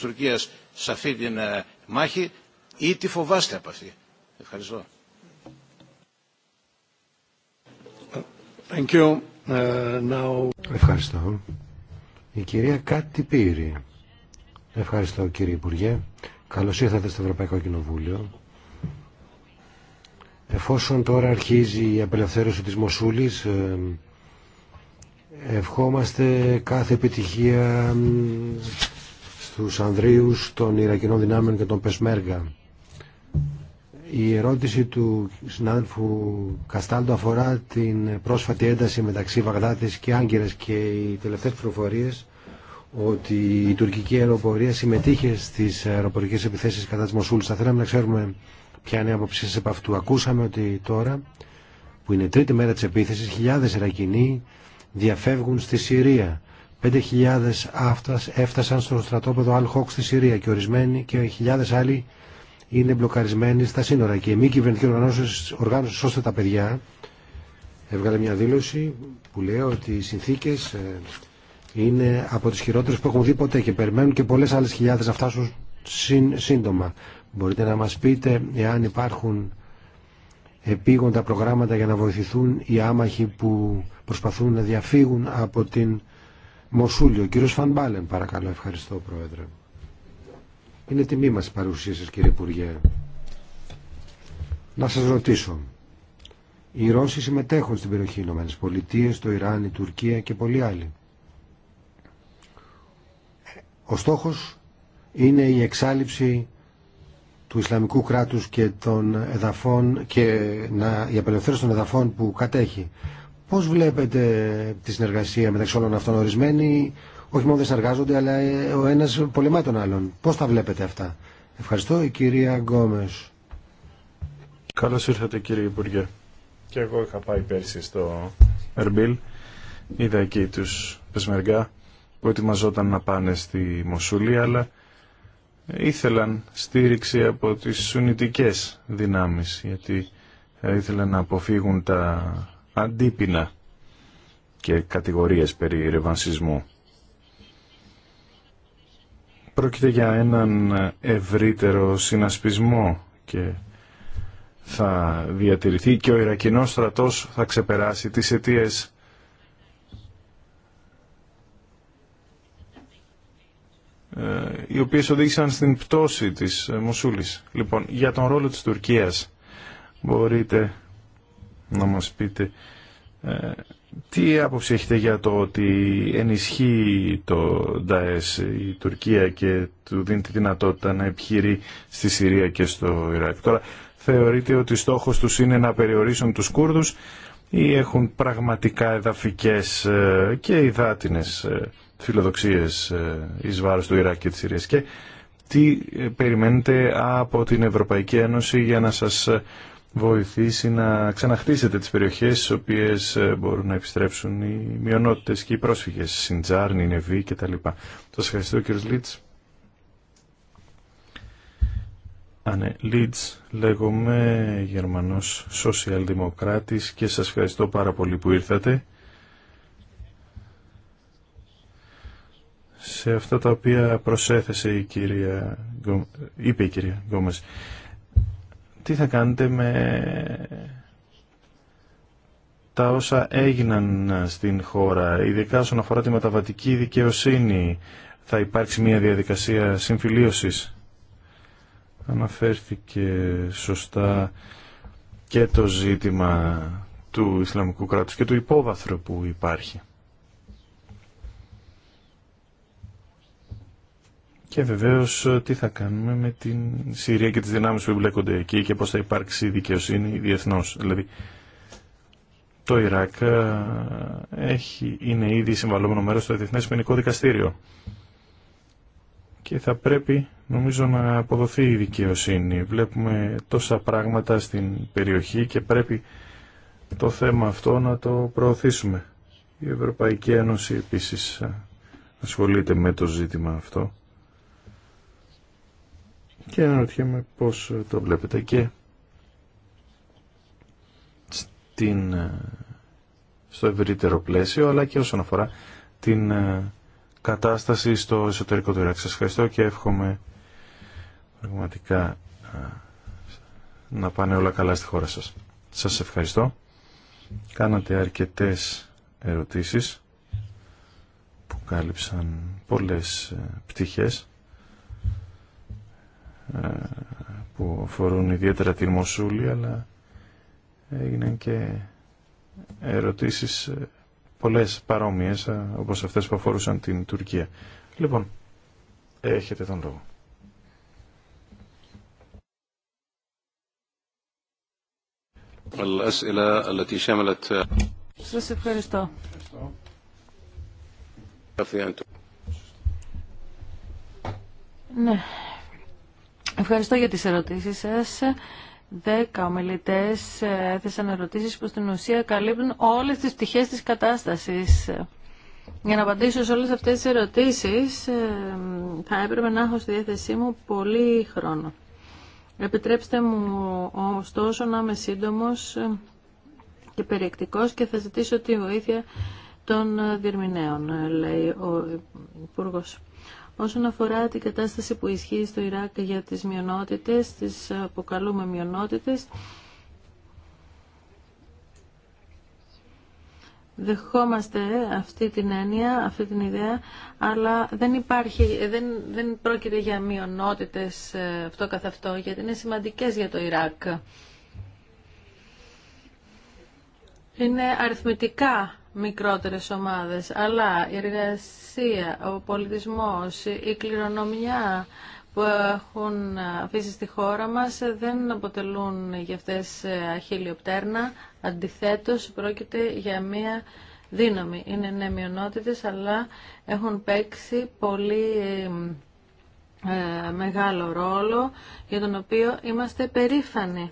Τουρκίας σε αυτή τη ε, μάχη ή τι φοβάστε από αυτή. Ευχαριστώ. Thank you. Ε, now... Ευχαριστώ. Η κυρία Κάτι Πύρη. Ευχαριστώ κύριε Υπουργέ. Καλώς ήρθατε στο Ευρωπαϊκό Κοινοβούλιο. Εφόσον τώρα αρχίζει η απελευθέρωση της Μοσούλης, ε, ευχόμαστε κάθε επιτυχία στους Ανδρίους των Ιρακινών Δυνάμεων και των Πεσμέργα. Η ερώτηση του συνάδελφου Καστάλτο αφορά την πρόσφατη ένταση μεταξύ Βαγδάτης και Άγκυρας και οι τελευταίες πληροφορίες ότι η τουρκική αεροπορία συμμετείχε στις αεροπορικές επιθέσεις κατά της Μοσούλης. Θα θέλαμε να ξέρουμε ποια είναι η άποψή σα επ' αυτού. Ακούσαμε ότι τώρα, που είναι τρίτη μέρα της επίθεση, χιλιάδε Ιρακινοί διαφεύγουν στη Συρία. 5.000 έφτασαν στο στρατόπεδο Αλ-Χοκ στη Συρία και ορισμένοι και χιλιάδε άλλοι είναι μπλοκαρισμένοι στα σύνορα. Και η μη κυβερνητική οργάνωση, οργάνωση Σώστε τα Παιδιά έβγαλε μια δήλωση που λέει ότι οι συνθήκε ε, είναι από τι χειρότερε που έχουν δει ποτέ και περιμένουν και πολλέ άλλε χιλιάδε να φτάσουν σύντομα. Μπορείτε να μας πείτε εάν υπάρχουν επίγοντα προγράμματα για να βοηθηθούν οι άμαχοι που προσπαθούν να διαφύγουν από την Μοσούλιο. Κύριος Φανμπάλεν, παρακαλώ. Ευχαριστώ, Πρόεδρε. Είναι τιμή μας η παρουσία σας, κύριε Υπουργέ. Να σας ρωτήσω. Οι Ρώσοι συμμετέχουν στην περιοχή Ηνωμένες Πολιτείες, το Ιράν, η Τουρκία και πολλοί άλλοι. Ο στόχος είναι η εξάλληψη του Ισλαμικού κράτους και, των εδαφών, και να, η απελευθέρωση των εδαφών που κατέχει. Πώς βλέπετε τη συνεργασία μεταξύ όλων αυτών ορισμένοι, όχι μόνο δεν συνεργάζονται, αλλά ε, ο ένας πολεμάει τον άλλον. Πώς τα βλέπετε αυτά. Ευχαριστώ η κυρία Γκόμες. Καλώς ήρθατε κύριε Υπουργέ. Και εγώ είχα πάει πέρσι στο Ερμπίλ. Είδα εκεί τους Πεσμεργά που ετοιμαζόταν να πάνε στη Μοσούλη, αλλά ήθελαν στήριξη από τις σουνητικές δυνάμεις γιατί ε, ήθελαν να αποφύγουν τα αντίπεινα και κατηγορίες περί ρεβανσισμού. Πρόκειται για έναν ευρύτερο συνασπισμό και θα διατηρηθεί και ο Ιρακινός στρατός θα ξεπεράσει τις αιτίες Ε, οι οποίες οδήγησαν στην πτώση της ε, Μοσούλης. Λοιπόν, για τον ρόλο της Τουρκίας μπορείτε να μας πείτε ε, τι άποψη έχετε για το ότι ενισχύει το ΝΤΑΕΣ η Τουρκία και του δίνει τη δυνατότητα να επιχειρεί στη Συρία και στο Ιράκ. Τώρα θεωρείτε ότι στόχος τους είναι να περιορίσουν τους Κούρδους ή έχουν πραγματικά εδαφικές και υδάτινες φιλοδοξίες ε, εις βάρος του Ιράκ και της Συρίας και τι ε, περιμένετε από την Ευρωπαϊκή Ένωση για να σας ε, βοηθήσει να ξαναχτίσετε τις περιοχές στις οποίες μπορούν να επιστρέψουν οι μειονότητες και οι πρόσφυγες, Σιντζάρ, Νινεβή κτλ. Σας ευχαριστώ κύριε Λίτς. Α, ναι, Λίτς, λέγομαι Γερμανός Σοσιαλδημοκράτης και σας ευχαριστώ πάρα πολύ που ήρθατε σε αυτά τα οποία προσέθεσε η κυρία, είπε η κυρία Γκόμες. Τι θα κάνετε με τα όσα έγιναν στην χώρα, ειδικά όσον αφορά τη μεταβατική δικαιοσύνη, θα υπάρξει μια διαδικασία συμφιλίωσης. Αναφέρθηκε σωστά και το ζήτημα του Ισλαμικού κράτους και του υπόβαθρου που υπάρχει. Και βεβαίω ε, τι θα κάνουμε με την Συρία και τι δυνάμει που εμπλέκονται εκεί και πώ θα υπάρξει δικαιοσύνη διεθνώ. Δηλαδή το Ιράκ ε, έχει, είναι ήδη συμβαλόμενο μέρο στο διεθνέ Ποινικό Δικαστήριο. Και θα πρέπει νομίζω να αποδοθεί η δικαιοσύνη. Βλέπουμε τόσα πράγματα στην περιοχή και πρέπει το θέμα αυτό να το προωθήσουμε. Η Ευρωπαϊκή Ένωση επίσης ε, ασχολείται με το ζήτημα αυτό και αναρωτιέμαι πώς ε, το βλέπετε και στην, ε, στο ευρύτερο πλαίσιο αλλά και όσον αφορά την ε, κατάσταση στο εσωτερικό του Ιράκ. Σας ευχαριστώ και εύχομαι πραγματικά να πάνε όλα καλά στη χώρα σας. Σας ευχαριστώ. Κάνατε αρκετές ερωτήσεις που κάλυψαν πολλές πτυχές που αφορούν ιδιαίτερα τη Μοσούλη, αλλά έγιναν και ερωτήσεις ε, πολλές παρόμοιες, ε, όπως αυτές που αφορούσαν την Τουρκία. Λοιπόν, έχετε τον λόγο. Σας ευχαριστώ. ευχαριστώ. Ναι, Ευχαριστώ για τις ερωτήσεις σας. Δέκα ομιλητές ε, έθεσαν ερωτήσεις που στην ουσία καλύπτουν όλες τις πτυχές της κατάστασης. Για να απαντήσω σε όλες αυτές τις ερωτήσεις ε, θα έπρεπε να έχω στη διάθεσή μου πολύ χρόνο. Επιτρέψτε μου ωστόσο να είμαι σύντομος ε, και περιεκτικός και θα ζητήσω τη βοήθεια των διερμηνέων, λέει ο Υπουργός. Όσον αφορά την κατάσταση που ισχύει στο Ιράκ για τις μειονότητες, τις αποκαλούμε μειονότητες, δεχόμαστε αυτή την έννοια, αυτή την ιδέα, αλλά δεν υπάρχει, δεν, δεν πρόκειται για μειονότητες ε, αυτό καθ' αυτό, γιατί είναι σημαντικές για το Ιράκ. Είναι αριθμητικά μικρότερες ομάδες, αλλά η εργασία, ο πολιτισμός, η κληρονομιά που έχουν αφήσει στη χώρα μας δεν αποτελούν για αυτές ε, αχίλιοπτέρνα. Αντιθέτως, πρόκειται για μία δύναμη. Είναι ναι αλλά έχουν παίξει πολύ ε, μεγάλο ρόλο για τον οποίο είμαστε περήφανοι.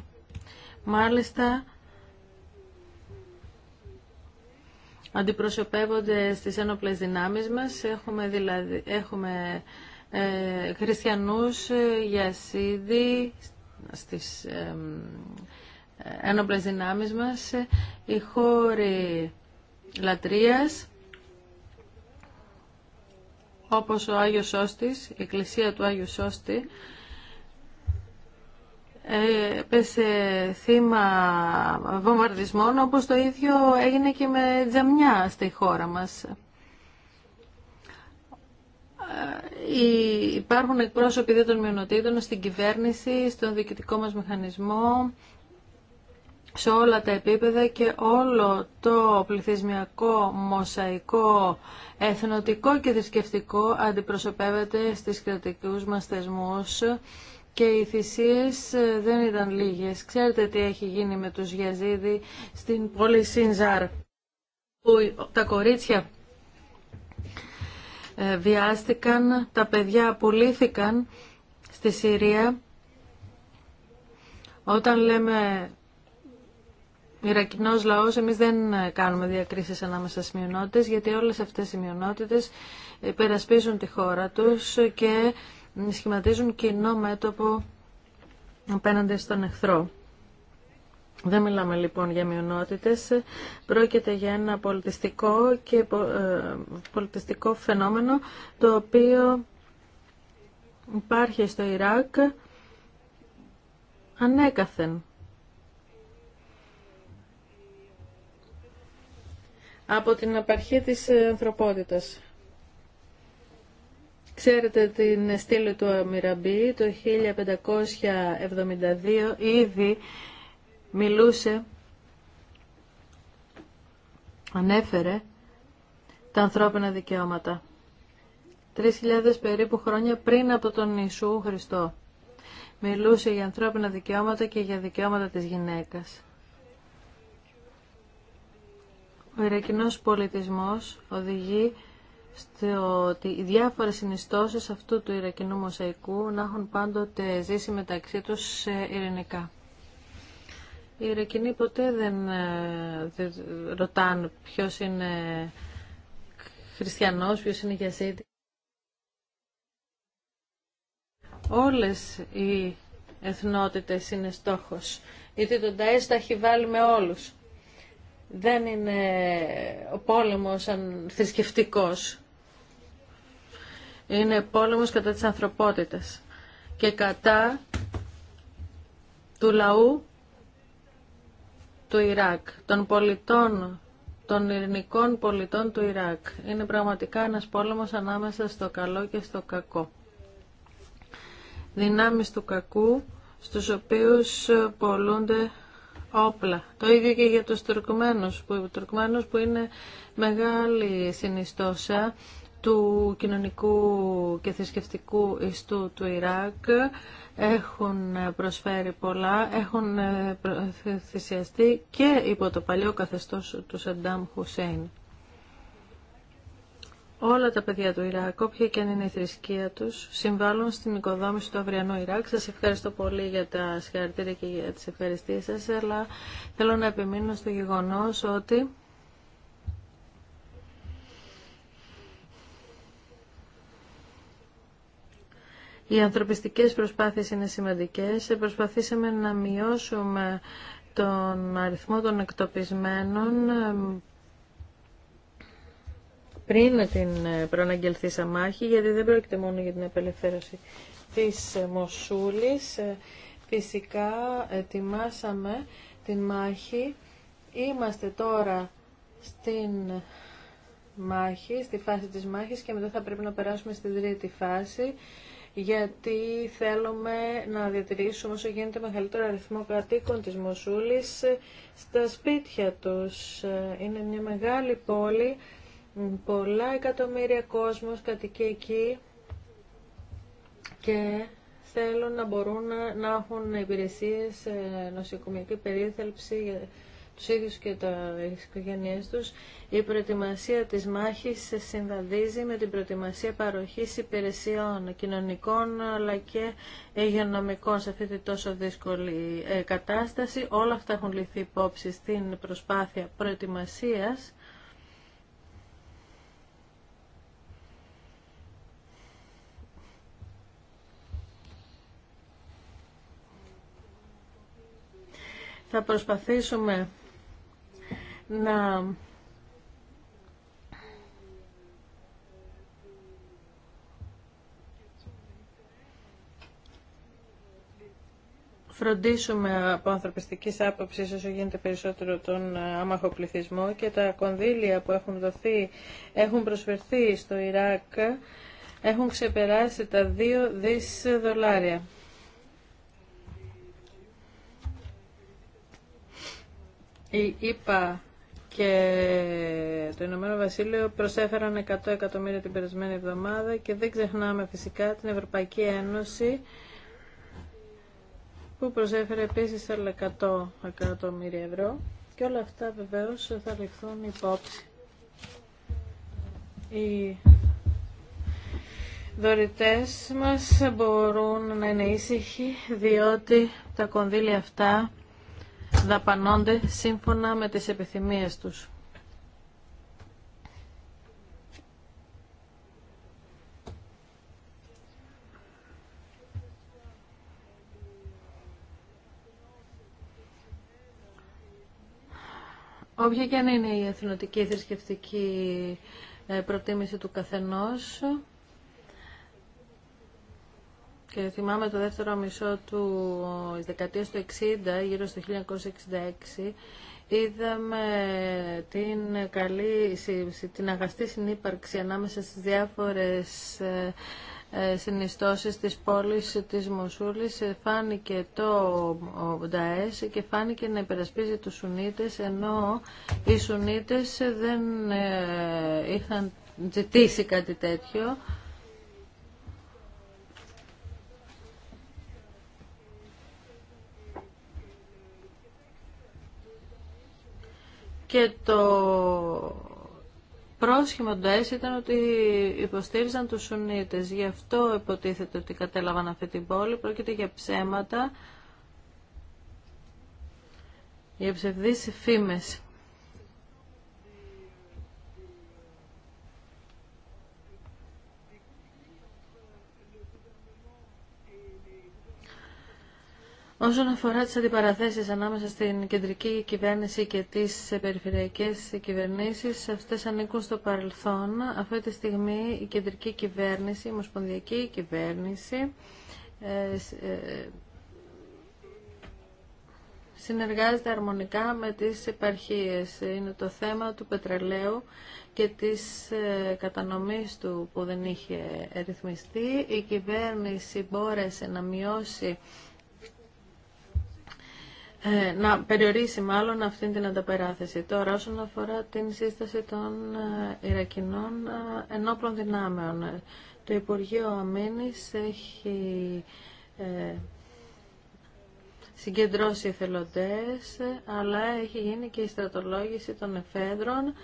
Μάλιστα, αντιπροσωπεύονται στις ένοπλες δυνάμεις μας. Έχουμε, δηλαδή, έχουμε ε, χριστιανούς, ε, γιασίδι στις ένοπλες δυνάμεις μας, οι ε, χώροι λατρείας, όπως ο Άγιος Σώστης, η Εκκλησία του Άγιου Σώστη, έπεσε θύμα βομβαρδισμών όπως το ίδιο έγινε και με τζαμιά στη χώρα μας. Ε, υπάρχουν εκπρόσωποι δε των μειονοτήτων στην κυβέρνηση, στον διοικητικό μας μηχανισμό, σε όλα τα επίπεδα και όλο το πληθυσμιακό, μοσαϊκό, εθνοτικό και θρησκευτικό αντιπροσωπεύεται στις κρατικούς μας θεσμούς και οι θυσίες ε, δεν ήταν λίγες. Ξέρετε τι έχει γίνει με τους Γιαζίδη στην πόλη Σινζάρ, που τα κορίτσια ε, βιάστηκαν, τα παιδιά απολύθηκαν στη Συρία. Όταν λέμε Ιρακινός λαός, εμείς δεν ε, κάνουμε διακρίσεις ανάμεσα στι μειονότητες, γιατί όλες αυτές οι μειονότητες υπερασπίζουν τη χώρα τους και σχηματίζουν κοινό μέτωπο απέναντι στον εχθρό. Δεν μιλάμε λοιπόν για μειονότητες, πρόκειται για ένα πολιτιστικό και ε, πολιτιστικό φαινόμενο το οποίο υπάρχει στο Ιράκ ανέκαθεν. Από την απαρχή της ανθρωπότητας. Ξέρετε την στήλη του Αμυραμπή, το 1572 ήδη μιλούσε, ανέφερε τα ανθρώπινα δικαιώματα. 3.000 περίπου χρόνια πριν από τον Ιησού Χριστό. Μιλούσε για ανθρώπινα δικαιώματα και για δικαιώματα της γυναίκας. Ο Ιρακινός πολιτισμός οδηγεί στο ότι οι διάφορες συνιστώσεις αυτού του Ιρακινού μοσαϊκού να έχουν πάντοτε ζήσει μεταξύ τους ειρηνικά. Οι Ιρακινοί ποτέ ε, δεν ρωτάνε ποιος είναι χριστιανός, ποιος είναι γιασίτη. Όλες οι εθνότητες είναι στόχος, γιατί τον Ταΐς τα έχει βάλει με όλους δεν είναι ο πόλεμος θρησκευτικός. Είναι πόλεμος κατά της ανθρωπότητας και κατά του λαού του Ιράκ, των πολιτών, των ειρηνικών πολιτών του Ιράκ. Είναι πραγματικά ένας πόλεμος ανάμεσα στο καλό και στο κακό. Δυνάμεις του κακού, στους οποίους πολλούνται όπλα. Το ίδιο και για τους Τουρκμένους, που, Τουρκμένους που είναι μεγάλη συνιστόσα του κοινωνικού και θρησκευτικού ιστού του Ιράκ έχουν προσφέρει πολλά, έχουν ε, θυσιαστεί και υπό το παλιό καθεστώς του Σαντάμ Χουσέιν. Όλα τα παιδιά του Ιράκ, όποια και αν είναι η θρησκεία τους, συμβάλλουν στην οικοδόμηση του αυριανού Ιράκ. Σας ευχαριστώ πολύ για τα συγχαρητήρια και για τις ευχαριστίες σας, αλλά θέλω να επιμείνω στο γεγονός ότι... Οι ανθρωπιστικές προσπάθειες είναι σημαντικές. Προσπαθήσαμε να μειώσουμε τον αριθμό των εκτοπισμένων πριν την ε, προαναγγελθήσα μάχη, γιατί δεν πρόκειται μόνο για την απελευθέρωση της ε, Μοσούλης. Ε, φυσικά ετοιμάσαμε την μάχη. Είμαστε τώρα στην μάχη, στη φάση της μάχης και μετά θα πρέπει να περάσουμε στην τρίτη φάση γιατί θέλουμε να διατηρήσουμε όσο γίνεται μεγαλύτερο αριθμό κατοίκων της Μοσούλης στα σπίτια τους. Είναι μια μεγάλη πόλη Πολλά εκατομμύρια κόσμος κατοικεί εκεί και θέλουν να μπορούν να έχουν υπηρεσίες ε, νοσοκομιακή περίθαλψη για τους ίδιους και τα οικογένειέ τους. Η προετοιμασία της μάχης συμβαδίζει με την προετοιμασία παροχής υπηρεσιών κοινωνικών αλλά και υγειονομικών σε αυτή τη τόσο δύσκολη ε, κατάσταση. Όλα αυτά έχουν ληφθεί υπόψη στην προσπάθεια προετοιμασίας θα προσπαθήσουμε να φροντίσουμε από ανθρωπιστικής άποψης όσο γίνεται περισσότερο τον ε, άμαχο πληθυσμό και τα κονδύλια που έχουν δοθεί, έχουν προσφερθεί στο Ιράκ έχουν ξεπεράσει τα 2 δις δολάρια. η ΕΠΑ και το Ηνωμένο Βασίλειο προσέφεραν 100 εκατομμύρια την περασμένη εβδομάδα και δεν ξεχνάμε φυσικά την Ευρωπαϊκή Ένωση που προσέφερε επίσης άλλα 100 εκατομμύρια ευρώ και όλα αυτά βεβαίως θα ληφθούν υπόψη. Οι δωρητές μας μπορούν να είναι ήσυχοι διότι τα κονδύλια αυτά δαπανώνται σύμφωνα με τις επιθυμίες τους. Όποια και αν είναι η εθνοτική θρησκευτική ε, προτίμηση του καθενός, και θυμάμαι το δεύτερο μισό του δεκαετία του 60, γύρω στο 1966, είδαμε την καλή, την αγαστή συνύπαρξη ανάμεσα στις διάφορες ε, ε, συνιστώσεις της πόλης της Μοσούλης ε, φάνηκε το Νταές και φάνηκε να υπερασπίζει τους Σουνίτες ενώ οι Σουνίτες δεν είχαν ζητήσει κάτι τέτοιο και το πρόσχημα του ΑΕΣ ήταν ότι υποστήριζαν τους Σουνίτες. Γι' αυτό υποτίθεται ότι κατέλαβαν αυτή την πόλη. Πρόκειται για ψέματα, για ψευδείς φήμες. Όσον αφορά τις αντιπαραθέσεις ανάμεσα στην κεντρική κυβέρνηση και τις περιφερειακές κυβερνήσεις, αυτές ανήκουν στο παρελθόν. Αυτή τη στιγμή η κεντρική κυβέρνηση, η ομοσπονδιακή κυβέρνηση, ε, ε, συνεργάζεται αρμονικά με τις επαρχίες. Είναι το θέμα του πετρελαίου και της ε, κατανομής του που δεν είχε ρυθμιστεί. Η κυβέρνηση μπόρεσε να μειώσει ε, να περιορίσει μάλλον αυτή την ανταπεράθεση. Τώρα όσον αφορά την σύσταση των ε, Ιρακινών ε, ενόπλων δυνάμεων. Το Υπουργείο Αμήνης έχει συγκεντρώσει εθελοντές, αλλά έχει γίνει και η στρατολόγηση των εφέδρων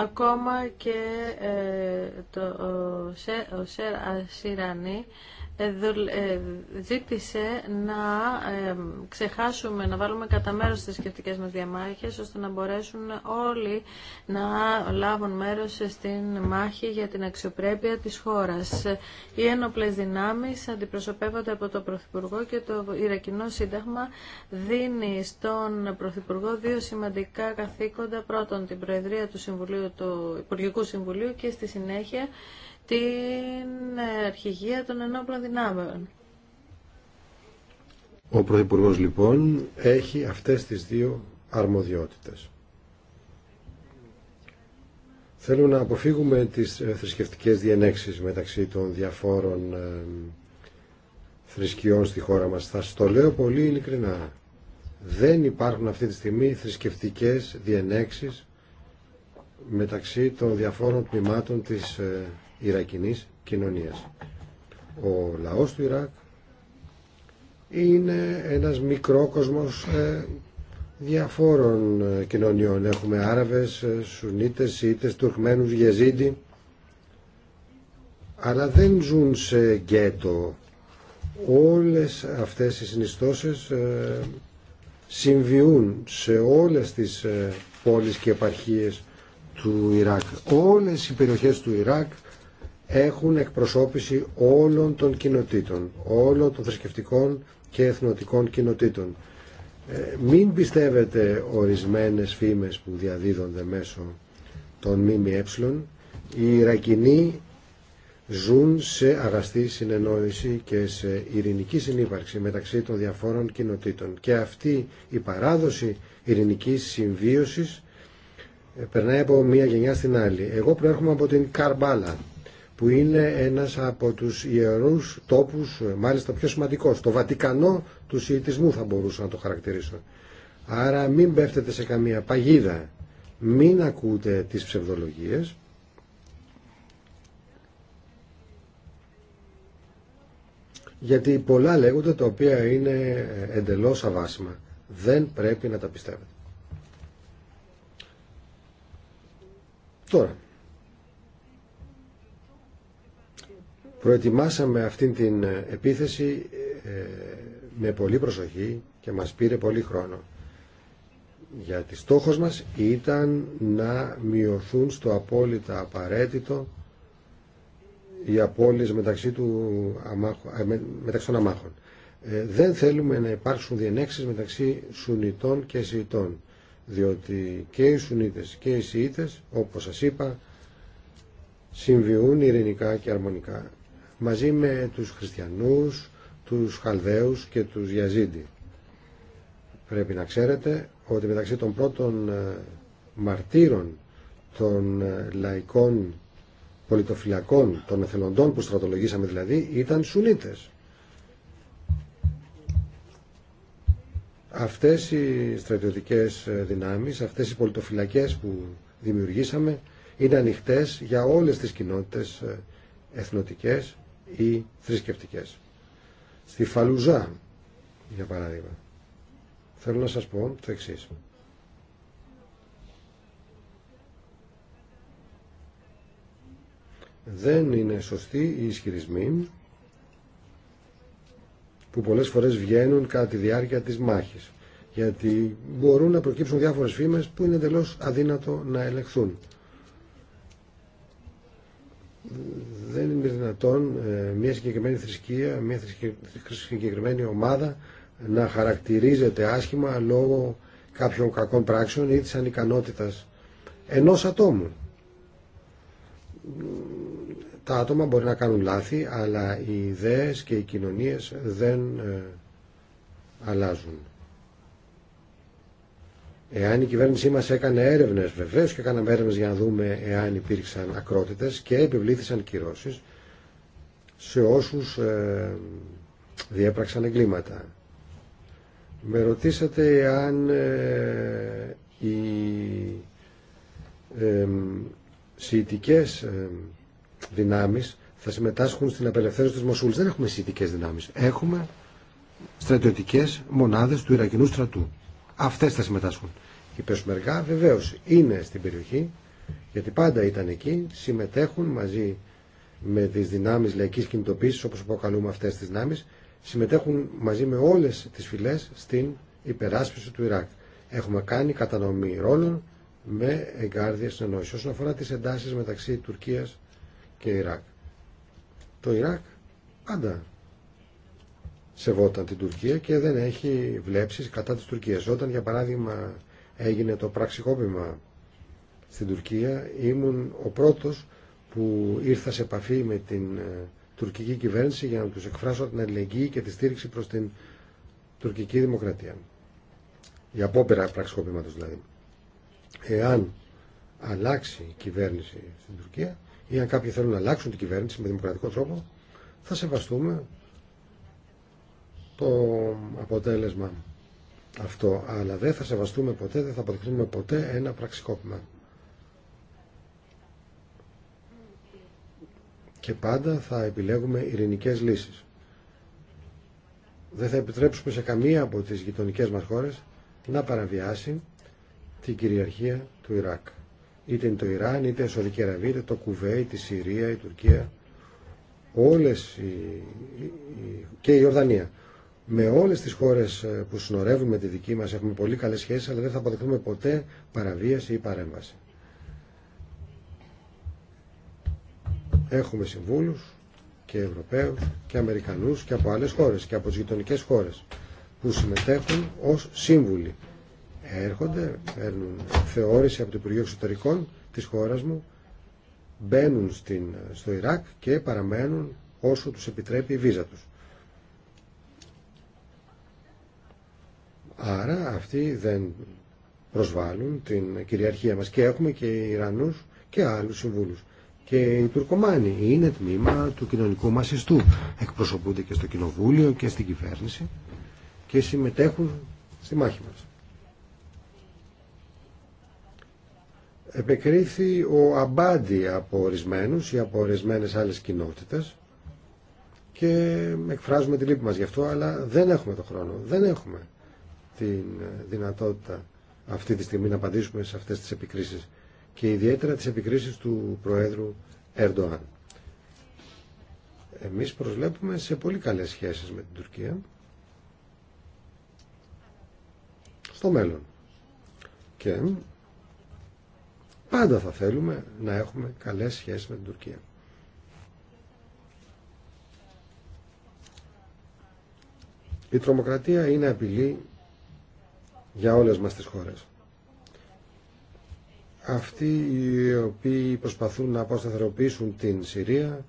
Ακόμα και ε, το, ο, Σερ ε, ζήτησε να ξεχάσουμε, να βάλουμε κατά μέρος τι σκεφτικές μας διαμάχες ώστε να μπορέσουν όλοι να λάβουν μέρος στην μάχη για την αξιοπρέπεια της χώρας. Οι ενόπλες δυνάμεις αντιπροσωπεύονται από το Πρωθυπουργό και το Ιρακινό Σύνταγμα δίνει στον Πρωθυπουργό δύο σημαντικά καθήκοντα. Πρώτον, την Προεδρία του, Συμβουλίου, του Υπουργικού Συμβουλίου και στη συνέχεια την αρχηγία των ενόπλων δυνάμεων. Ο Πρωθυπουργός λοιπόν έχει αυτές τις δύο αρμοδιότητες. Θέλω να αποφύγουμε τις ε, θρησκευτικές διενέξεις μεταξύ των διαφόρων ε, θρησκειών στη χώρα μας. Θα το λέω πολύ ειλικρινά. Δεν υπάρχουν αυτή τη στιγμή θρησκευτικές διενέξεις μεταξύ των διαφόρων τμήματων της ε, Ιρακινής κοινωνίας. Ο λαός του Ιράκ είναι ένας μικρόκοσμος ε, διαφόρων ε, κοινωνιών. Έχουμε Άραβες, ε, Σουνίτες, Σίτες, Τουρκμένους, Γεζίντι, αλλά δεν ζουν σε γκέτο. Όλες αυτές οι συνιστώσεις συμβιούν σε όλες τις πόλεις και επαρχίες του Ιράκ. Όλες οι περιοχές του Ιράκ έχουν εκπροσώπηση όλων των κοινοτήτων, όλων των θρησκευτικών και εθνοτικών κοινοτήτων. Ε, μην πιστεύετε ορισμένες φήμες που διαδίδονται μέσω των ΜΜΕ. Οι Ιρακινοί ζουν σε αγαστή συνεννόηση και σε ειρηνική συνύπαρξη μεταξύ των διαφόρων κοινοτήτων. Και αυτή η παράδοση ειρηνικής συμβίωσης ε, περνάει από μία γενιά στην άλλη. Εγώ προέρχομαι από την Καρμπάλα που είναι ένας από τους ιερούς τόπους, μάλιστα πιο σημαντικό. Το Βατικανό του Σιητισμού θα μπορούσα να το χαρακτηρίσω. Άρα μην πέφτετε σε καμία παγίδα. Μην ακούτε τις ψευδολογίες. Γιατί πολλά λέγονται τα οποία είναι εντελώς αβάσιμα. Δεν πρέπει να τα πιστεύετε. Τώρα, Προετοιμάσαμε αυτήν την ε, επίθεση ε, με πολύ προσοχή και μας πήρε πολύ χρόνο. Γιατί στόχος μας ήταν να μειωθούν στο απόλυτα απαραίτητο οι απώλειες μεταξύ, του ε, μεταξύ των αμάχων. δεν θέλουμε να υπάρξουν διενέξεις μεταξύ Σουνιτών και Σιητών, διότι και οι Σουνίτες και οι Σιήτες, όπως σας είπα, συμβιούν ειρηνικά και αρμονικά μαζί με τους χριστιανούς, τους χαλδαίους και τους γιαζίντι. Πρέπει να ξέρετε ότι μεταξύ των πρώτων ε, μαρτύρων των ε, λαϊκών πολιτοφυλακών, των εθελοντών που στρατολογήσαμε δηλαδή, ήταν Σουνίτες. Αυτές οι στρατιωτικές ε, δυνάμεις, αυτές οι πολιτοφυλακές που δημιουργήσαμε, είναι ανοιχτές για όλες τις κοινότητες εθνοτικές ή θρησκευτικέ. Στη Φαλουζά, για παράδειγμα, θέλω να σας πω το εξή. Δεν είναι σωστοί οι ισχυρισμοί που πολλές φορές βγαίνουν κατά τη διάρκεια της μάχης. Γιατί μπορούν να προκύψουν διάφορες φήμες που είναι εντελώ αδύνατο να ελεγχθούν δεν είναι δυνατόν ε, μια συγκεκριμένη θρησκεία, μια συγκεκριμένη ομάδα να χαρακτηρίζεται άσχημα λόγω κάποιων κακών πράξεων ή της ανικανότητας ενός ατόμου. Τα άτομα μπορεί να κάνουν λάθη, αλλά οι ιδέες και οι κοινωνίες δεν ε, αλλάζουν. Εάν η κυβέρνησή μας έκανε έρευνες, βεβαίως και κάναμε έρευνες για να δούμε εάν υπήρξαν ακρότητες και επιβλήθησαν κυρώσεις σε όσους ε, διέπραξαν εγκλήματα. Με ρωτήσατε εάν ε, οι ε, ε, δυνάμεις θα συμμετάσχουν στην απελευθέρωση της Μοσούλης. Δεν έχουμε σιητικές δυνάμεις. Έχουμε στρατιωτικές μονάδες του Ιρακινού στρατού αυτές θα συμμετάσχουν. Η Πεσμεργά βεβαίω είναι στην περιοχή, γιατί πάντα ήταν εκεί, συμμετέχουν μαζί με τις δυνάμεις λαϊκή κινητοποίηση, όπως αποκαλούμε αυτές τις δυνάμεις, συμμετέχουν μαζί με όλες τις φυλές στην υπεράσπιση του Ιράκ. Έχουμε κάνει κατανομή ρόλων με εγκάρδια συνεννόηση, όσον αφορά τι εντάσει μεταξύ Τουρκία και Ιράκ. Το Ιράκ πάντα σεβόταν την Τουρκία και δεν έχει βλέψεις κατά της Τουρκίας. Όταν για παράδειγμα έγινε το πραξικόπημα στην Τουρκία ήμουν ο πρώτος που ήρθα σε επαφή με την ε, τουρκική κυβέρνηση για να τους εκφράσω την αλληλεγγύη και τη στήριξη προς την τουρκική δημοκρατία. Η απόπειρα πραξικόπηματος δηλαδή. Εάν αλλάξει η κυβέρνηση στην Τουρκία ή αν κάποιοι θέλουν να αλλάξουν την κυβέρνηση με δημοκρατικό τρόπο θα σεβαστούμε το αποτέλεσμα αυτό. Αλλά δεν θα σεβαστούμε ποτέ, δεν θα αποδεικνύουμε ποτέ ένα πραξικόπημα. Και πάντα θα επιλέγουμε ειρηνικέ λύσεις. Δεν θα επιτρέψουμε σε καμία από τις γειτονικέ μας χώρες να παραβιάσει την κυριαρχία του Ιράκ. Είτε είναι το Ιράν, είτε η Σορική Αραβία, είτε το Κουβέιτ, τη Συρία, η Τουρκία, όλες οι... και η Ιορδανία με όλες τις χώρες ε, που συνορεύουμε με τη δική μας έχουμε πολύ καλές σχέσεις αλλά δεν θα αποδεχτούμε ποτέ παραβίαση ή παρέμβαση. Έχουμε συμβούλους και Ευρωπαίους και Αμερικανούς και από άλλες χώρες και από τι γειτονικέ χώρες που συμμετέχουν ως σύμβουλοι. Έρχονται, παίρνουν θεώρηση από το Υπουργείο Εξωτερικών τη χωρα μου, μπαίνουν στην, ε, στο Ιράκ και παραμένουν όσο τους επιτρέπει η βίζα τους. Άρα αυτοί δεν προσβάλλουν την κυριαρχία μας και έχουμε και Ιρανούς και άλλους συμβούλους. Και οι Τουρκομάνοι είναι τμήμα του κοινωνικού μας ιστού. Εκπροσωπούνται και στο κοινοβούλιο και στην κυβέρνηση και συμμετέχουν στη μάχη μας. Επεκρίθη ο Αμπάντη από ορισμένου ή από ορισμένε άλλες κοινότητες και εκφράζουμε τη λύπη μας γι' αυτό, αλλά δεν έχουμε το χρόνο, δεν έχουμε την δυνατότητα αυτή τη στιγμή να απαντήσουμε σε αυτές τις επικρίσεις και ιδιαίτερα τις επικρίσεις του Προέδρου Ερντοάν. Εμείς προσλέπουμε σε πολύ καλές σχέσεις με την Τουρκία στο μέλλον. Και πάντα θα θέλουμε να έχουμε καλές σχέσεις με την Τουρκία. Η τρομοκρατία είναι απειλή για όλες μας τις χώρες. Αυτοί οι οποίοι προσπαθούν να αποσταθεροποιήσουν την Συρία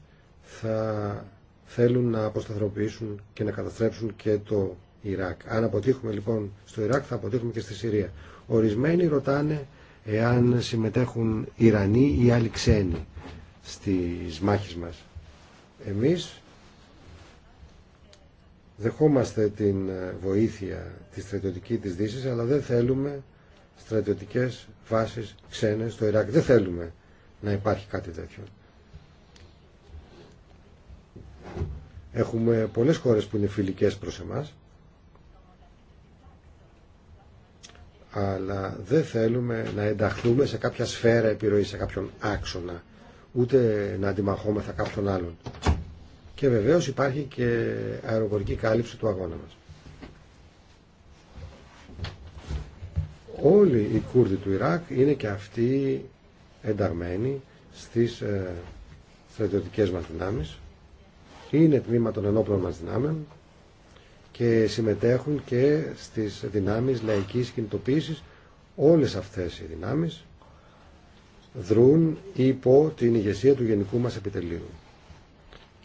θα θέλουν να αποσταθεροποιήσουν και να καταστρέψουν και το Ιράκ. Αν αποτύχουμε λοιπόν στο Ιράκ θα αποτύχουμε και στη Συρία. Ορισμένοι ρωτάνε εάν συμμετέχουν Ιρανοί ή άλλοι ξένοι στις μάχες μας. Εμείς Δεχόμαστε την ε, βοήθεια της στρατιωτική της Δύσης, αλλά δεν θέλουμε στρατιωτικές βάσεις ξένες στο Ιράκ. Δεν θέλουμε να υπάρχει κάτι τέτοιο. Έχουμε πολλές χώρες που είναι φιλικές προς εμάς, αλλά δεν θέλουμε να ενταχθούμε σε κάποια σφαίρα επιρροή, σε κάποιον άξονα, ούτε να αντιμαχόμεθα κάποιον άλλον και βεβαίως υπάρχει και αεροπορική κάλυψη του αγώνα μας. Όλοι οι Κούρδοι του Ιράκ είναι και αυτοί ενταγμένοι στις ε, στρατιωτικές μας δυνάμεις, είναι τμήμα των ενόπλων μας δυνάμεων και συμμετέχουν και στις δυνάμεις λαϊκής κινητοποίησης. Όλες αυτές οι δυνάμεις δρούν υπό την ηγεσία του Γενικού μας Επιτελείου.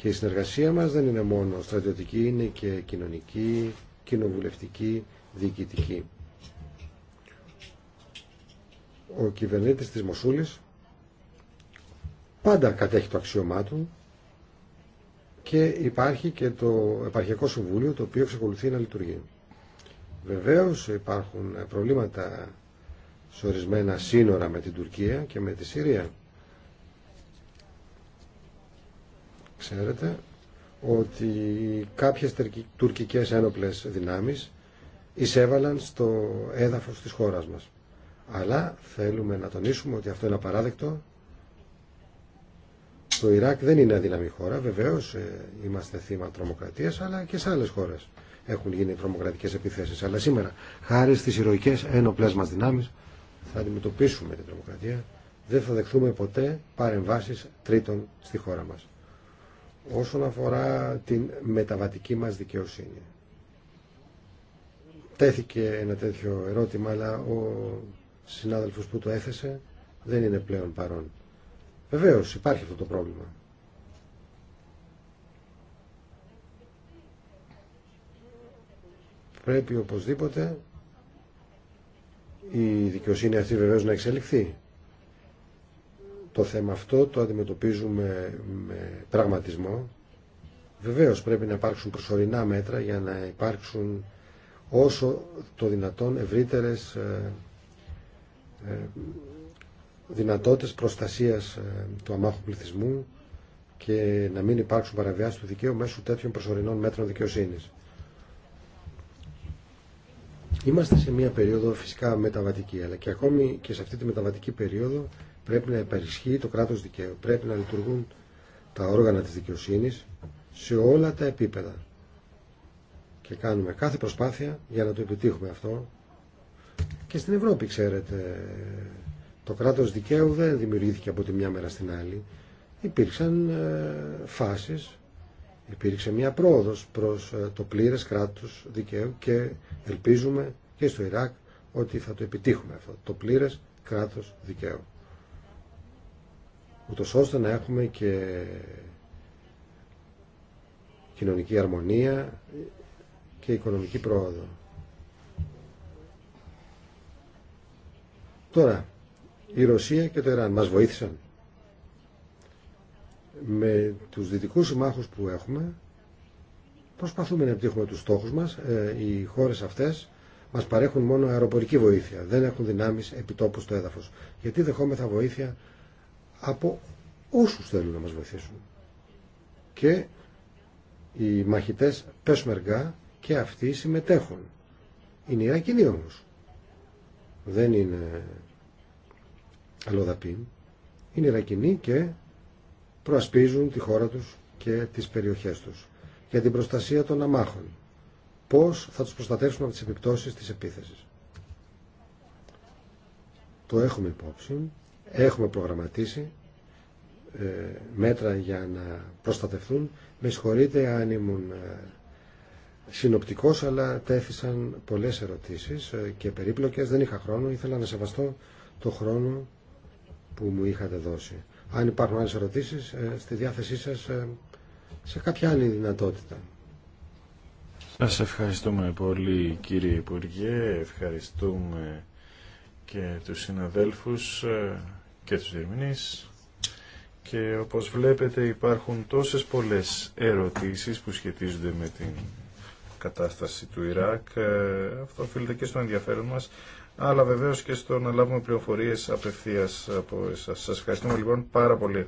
Και η συνεργασία μας δεν είναι μόνο στρατιωτική, είναι και κοινωνική, κοινοβουλευτική, διοικητική. Ο κυβερνήτης της Μοσούλης πάντα κατέχει το αξίωμά του και υπάρχει και το Επαρχιακό Συμβούλιο το οποίο εξακολουθεί να λειτουργεί. Βεβαίως υπάρχουν προβλήματα σε ορισμένα σύνορα με την Τουρκία και με τη Συρία Ξέρετε ότι κάποιες τουρκικές ένοπλες δυνάμεις εισέβαλαν στο έδαφος της χώρας μας. Αλλά θέλουμε να τονίσουμε ότι αυτό είναι απαράδεκτο. Το Ιράκ δεν είναι αδύναμη χώρα, βεβαίως ε, είμαστε θύμα τρομοκρατίας, αλλά και σε άλλες χώρες έχουν γίνει τρομοκρατικές επιθέσεις. Αλλά σήμερα, χάρη στις ηρωικές ένοπλες μας δυνάμεις, θα αντιμετωπίσουμε την τρομοκρατία. Δεν θα δεχθούμε ποτέ παρεμβάσεις τρίτων στη χώρα μας όσον αφορά την μεταβατική μας δικαιοσύνη. Τέθηκε ένα τέτοιο ερώτημα, αλλά ο συνάδελφος που το έθεσε δεν είναι πλέον παρόν. Βεβαίως υπάρχει αυτό το πρόβλημα. Πρέπει οπωσδήποτε η δικαιοσύνη αυτή βεβαίως να εξελιχθεί. Το θέμα αυτό το αντιμετωπίζουμε με πραγματισμό. Βεβαίως πρέπει να υπάρξουν προσωρινά μέτρα για να υπάρξουν όσο το δυνατόν ευρύτερες ε, ε, δυνατότητες προστασίας ε, του αμάχου πληθυσμού και να μην υπάρξουν παραβιάσεις του δικαίου μέσω τέτοιων προσωρινών μέτρων δικαιοσύνης. Είμαστε σε μια περίοδο φυσικά μεταβατική, αλλά και ακόμη και σε αυτή τη μεταβατική περίοδο Πρέπει να υπερισχύει το κράτος δικαίου. Πρέπει να λειτουργούν τα όργανα της δικαιοσύνης σε όλα τα επίπεδα. Και κάνουμε κάθε προσπάθεια για να το επιτύχουμε αυτό. Και στην Ευρώπη, ξέρετε, το κράτος δικαίου δεν δημιουργήθηκε από τη μια μέρα στην άλλη. Υπήρξαν ε, φάσεις, υπήρξε μια πρόοδος προς ε, το πλήρες κράτος δικαίου και ελπίζουμε και στο Ιράκ ότι θα το επιτύχουμε αυτό, το πλήρες κράτος δικαίου ούτως ώστε να έχουμε και κοινωνική αρμονία και οικονομική πρόοδο. Τώρα, η Ρωσία και το Ιράν μας βοήθησαν. Με τους δυτικούς συμμάχους που έχουμε, προσπαθούμε να επιτύχουμε τους στόχους μας. Ε, οι χώρες αυτές μας παρέχουν μόνο αεροπορική βοήθεια. Δεν έχουν δυνάμεις επιτόπου στο έδαφος. Γιατί δεχόμεθα βοήθεια από όσους θέλουν να μας βοηθήσουν. Και οι μαχητές πέσμεργά και αυτοί συμμετέχουν. Είναι η κοινή Δεν είναι αλλοδαπή. Είναι Ιρακινοί και προασπίζουν τη χώρα τους και τις περιοχές τους. Για την προστασία των αμάχων. Πώς θα τους προστατεύσουμε από τις επιπτώσεις της επίθεσης. Το έχουμε υπόψη Έχουμε προγραμματίσει ε, μέτρα για να προστατευτούν. Με συγχωρείτε αν ήμουν ε, συνοπτικός, αλλά τέθησαν πολλές ερωτήσεις ε, και περίπλοκες. Δεν είχα χρόνο. Ήθελα να σεβαστώ το χρόνο που μου είχατε δώσει. Αν υπάρχουν άλλες ερωτήσεις, στη διάθεσή σας σε κάποια άλλη δυνατότητα. Σας ευχαριστούμε πολύ κύριε Υπουργέ, ευχαριστούμε και τους συναδέλφους και τους διερμηνείς και όπως βλέπετε υπάρχουν τόσες πολλές ερωτήσεις που σχετίζονται με την κατάσταση του Ιράκ. Ε, αυτό οφείλεται και στο ενδιαφέρον μας, αλλά βεβαίως και στο να λάβουμε πληροφορίες απευθείας από εσάς. Σας ευχαριστούμε λοιπόν πάρα πολύ.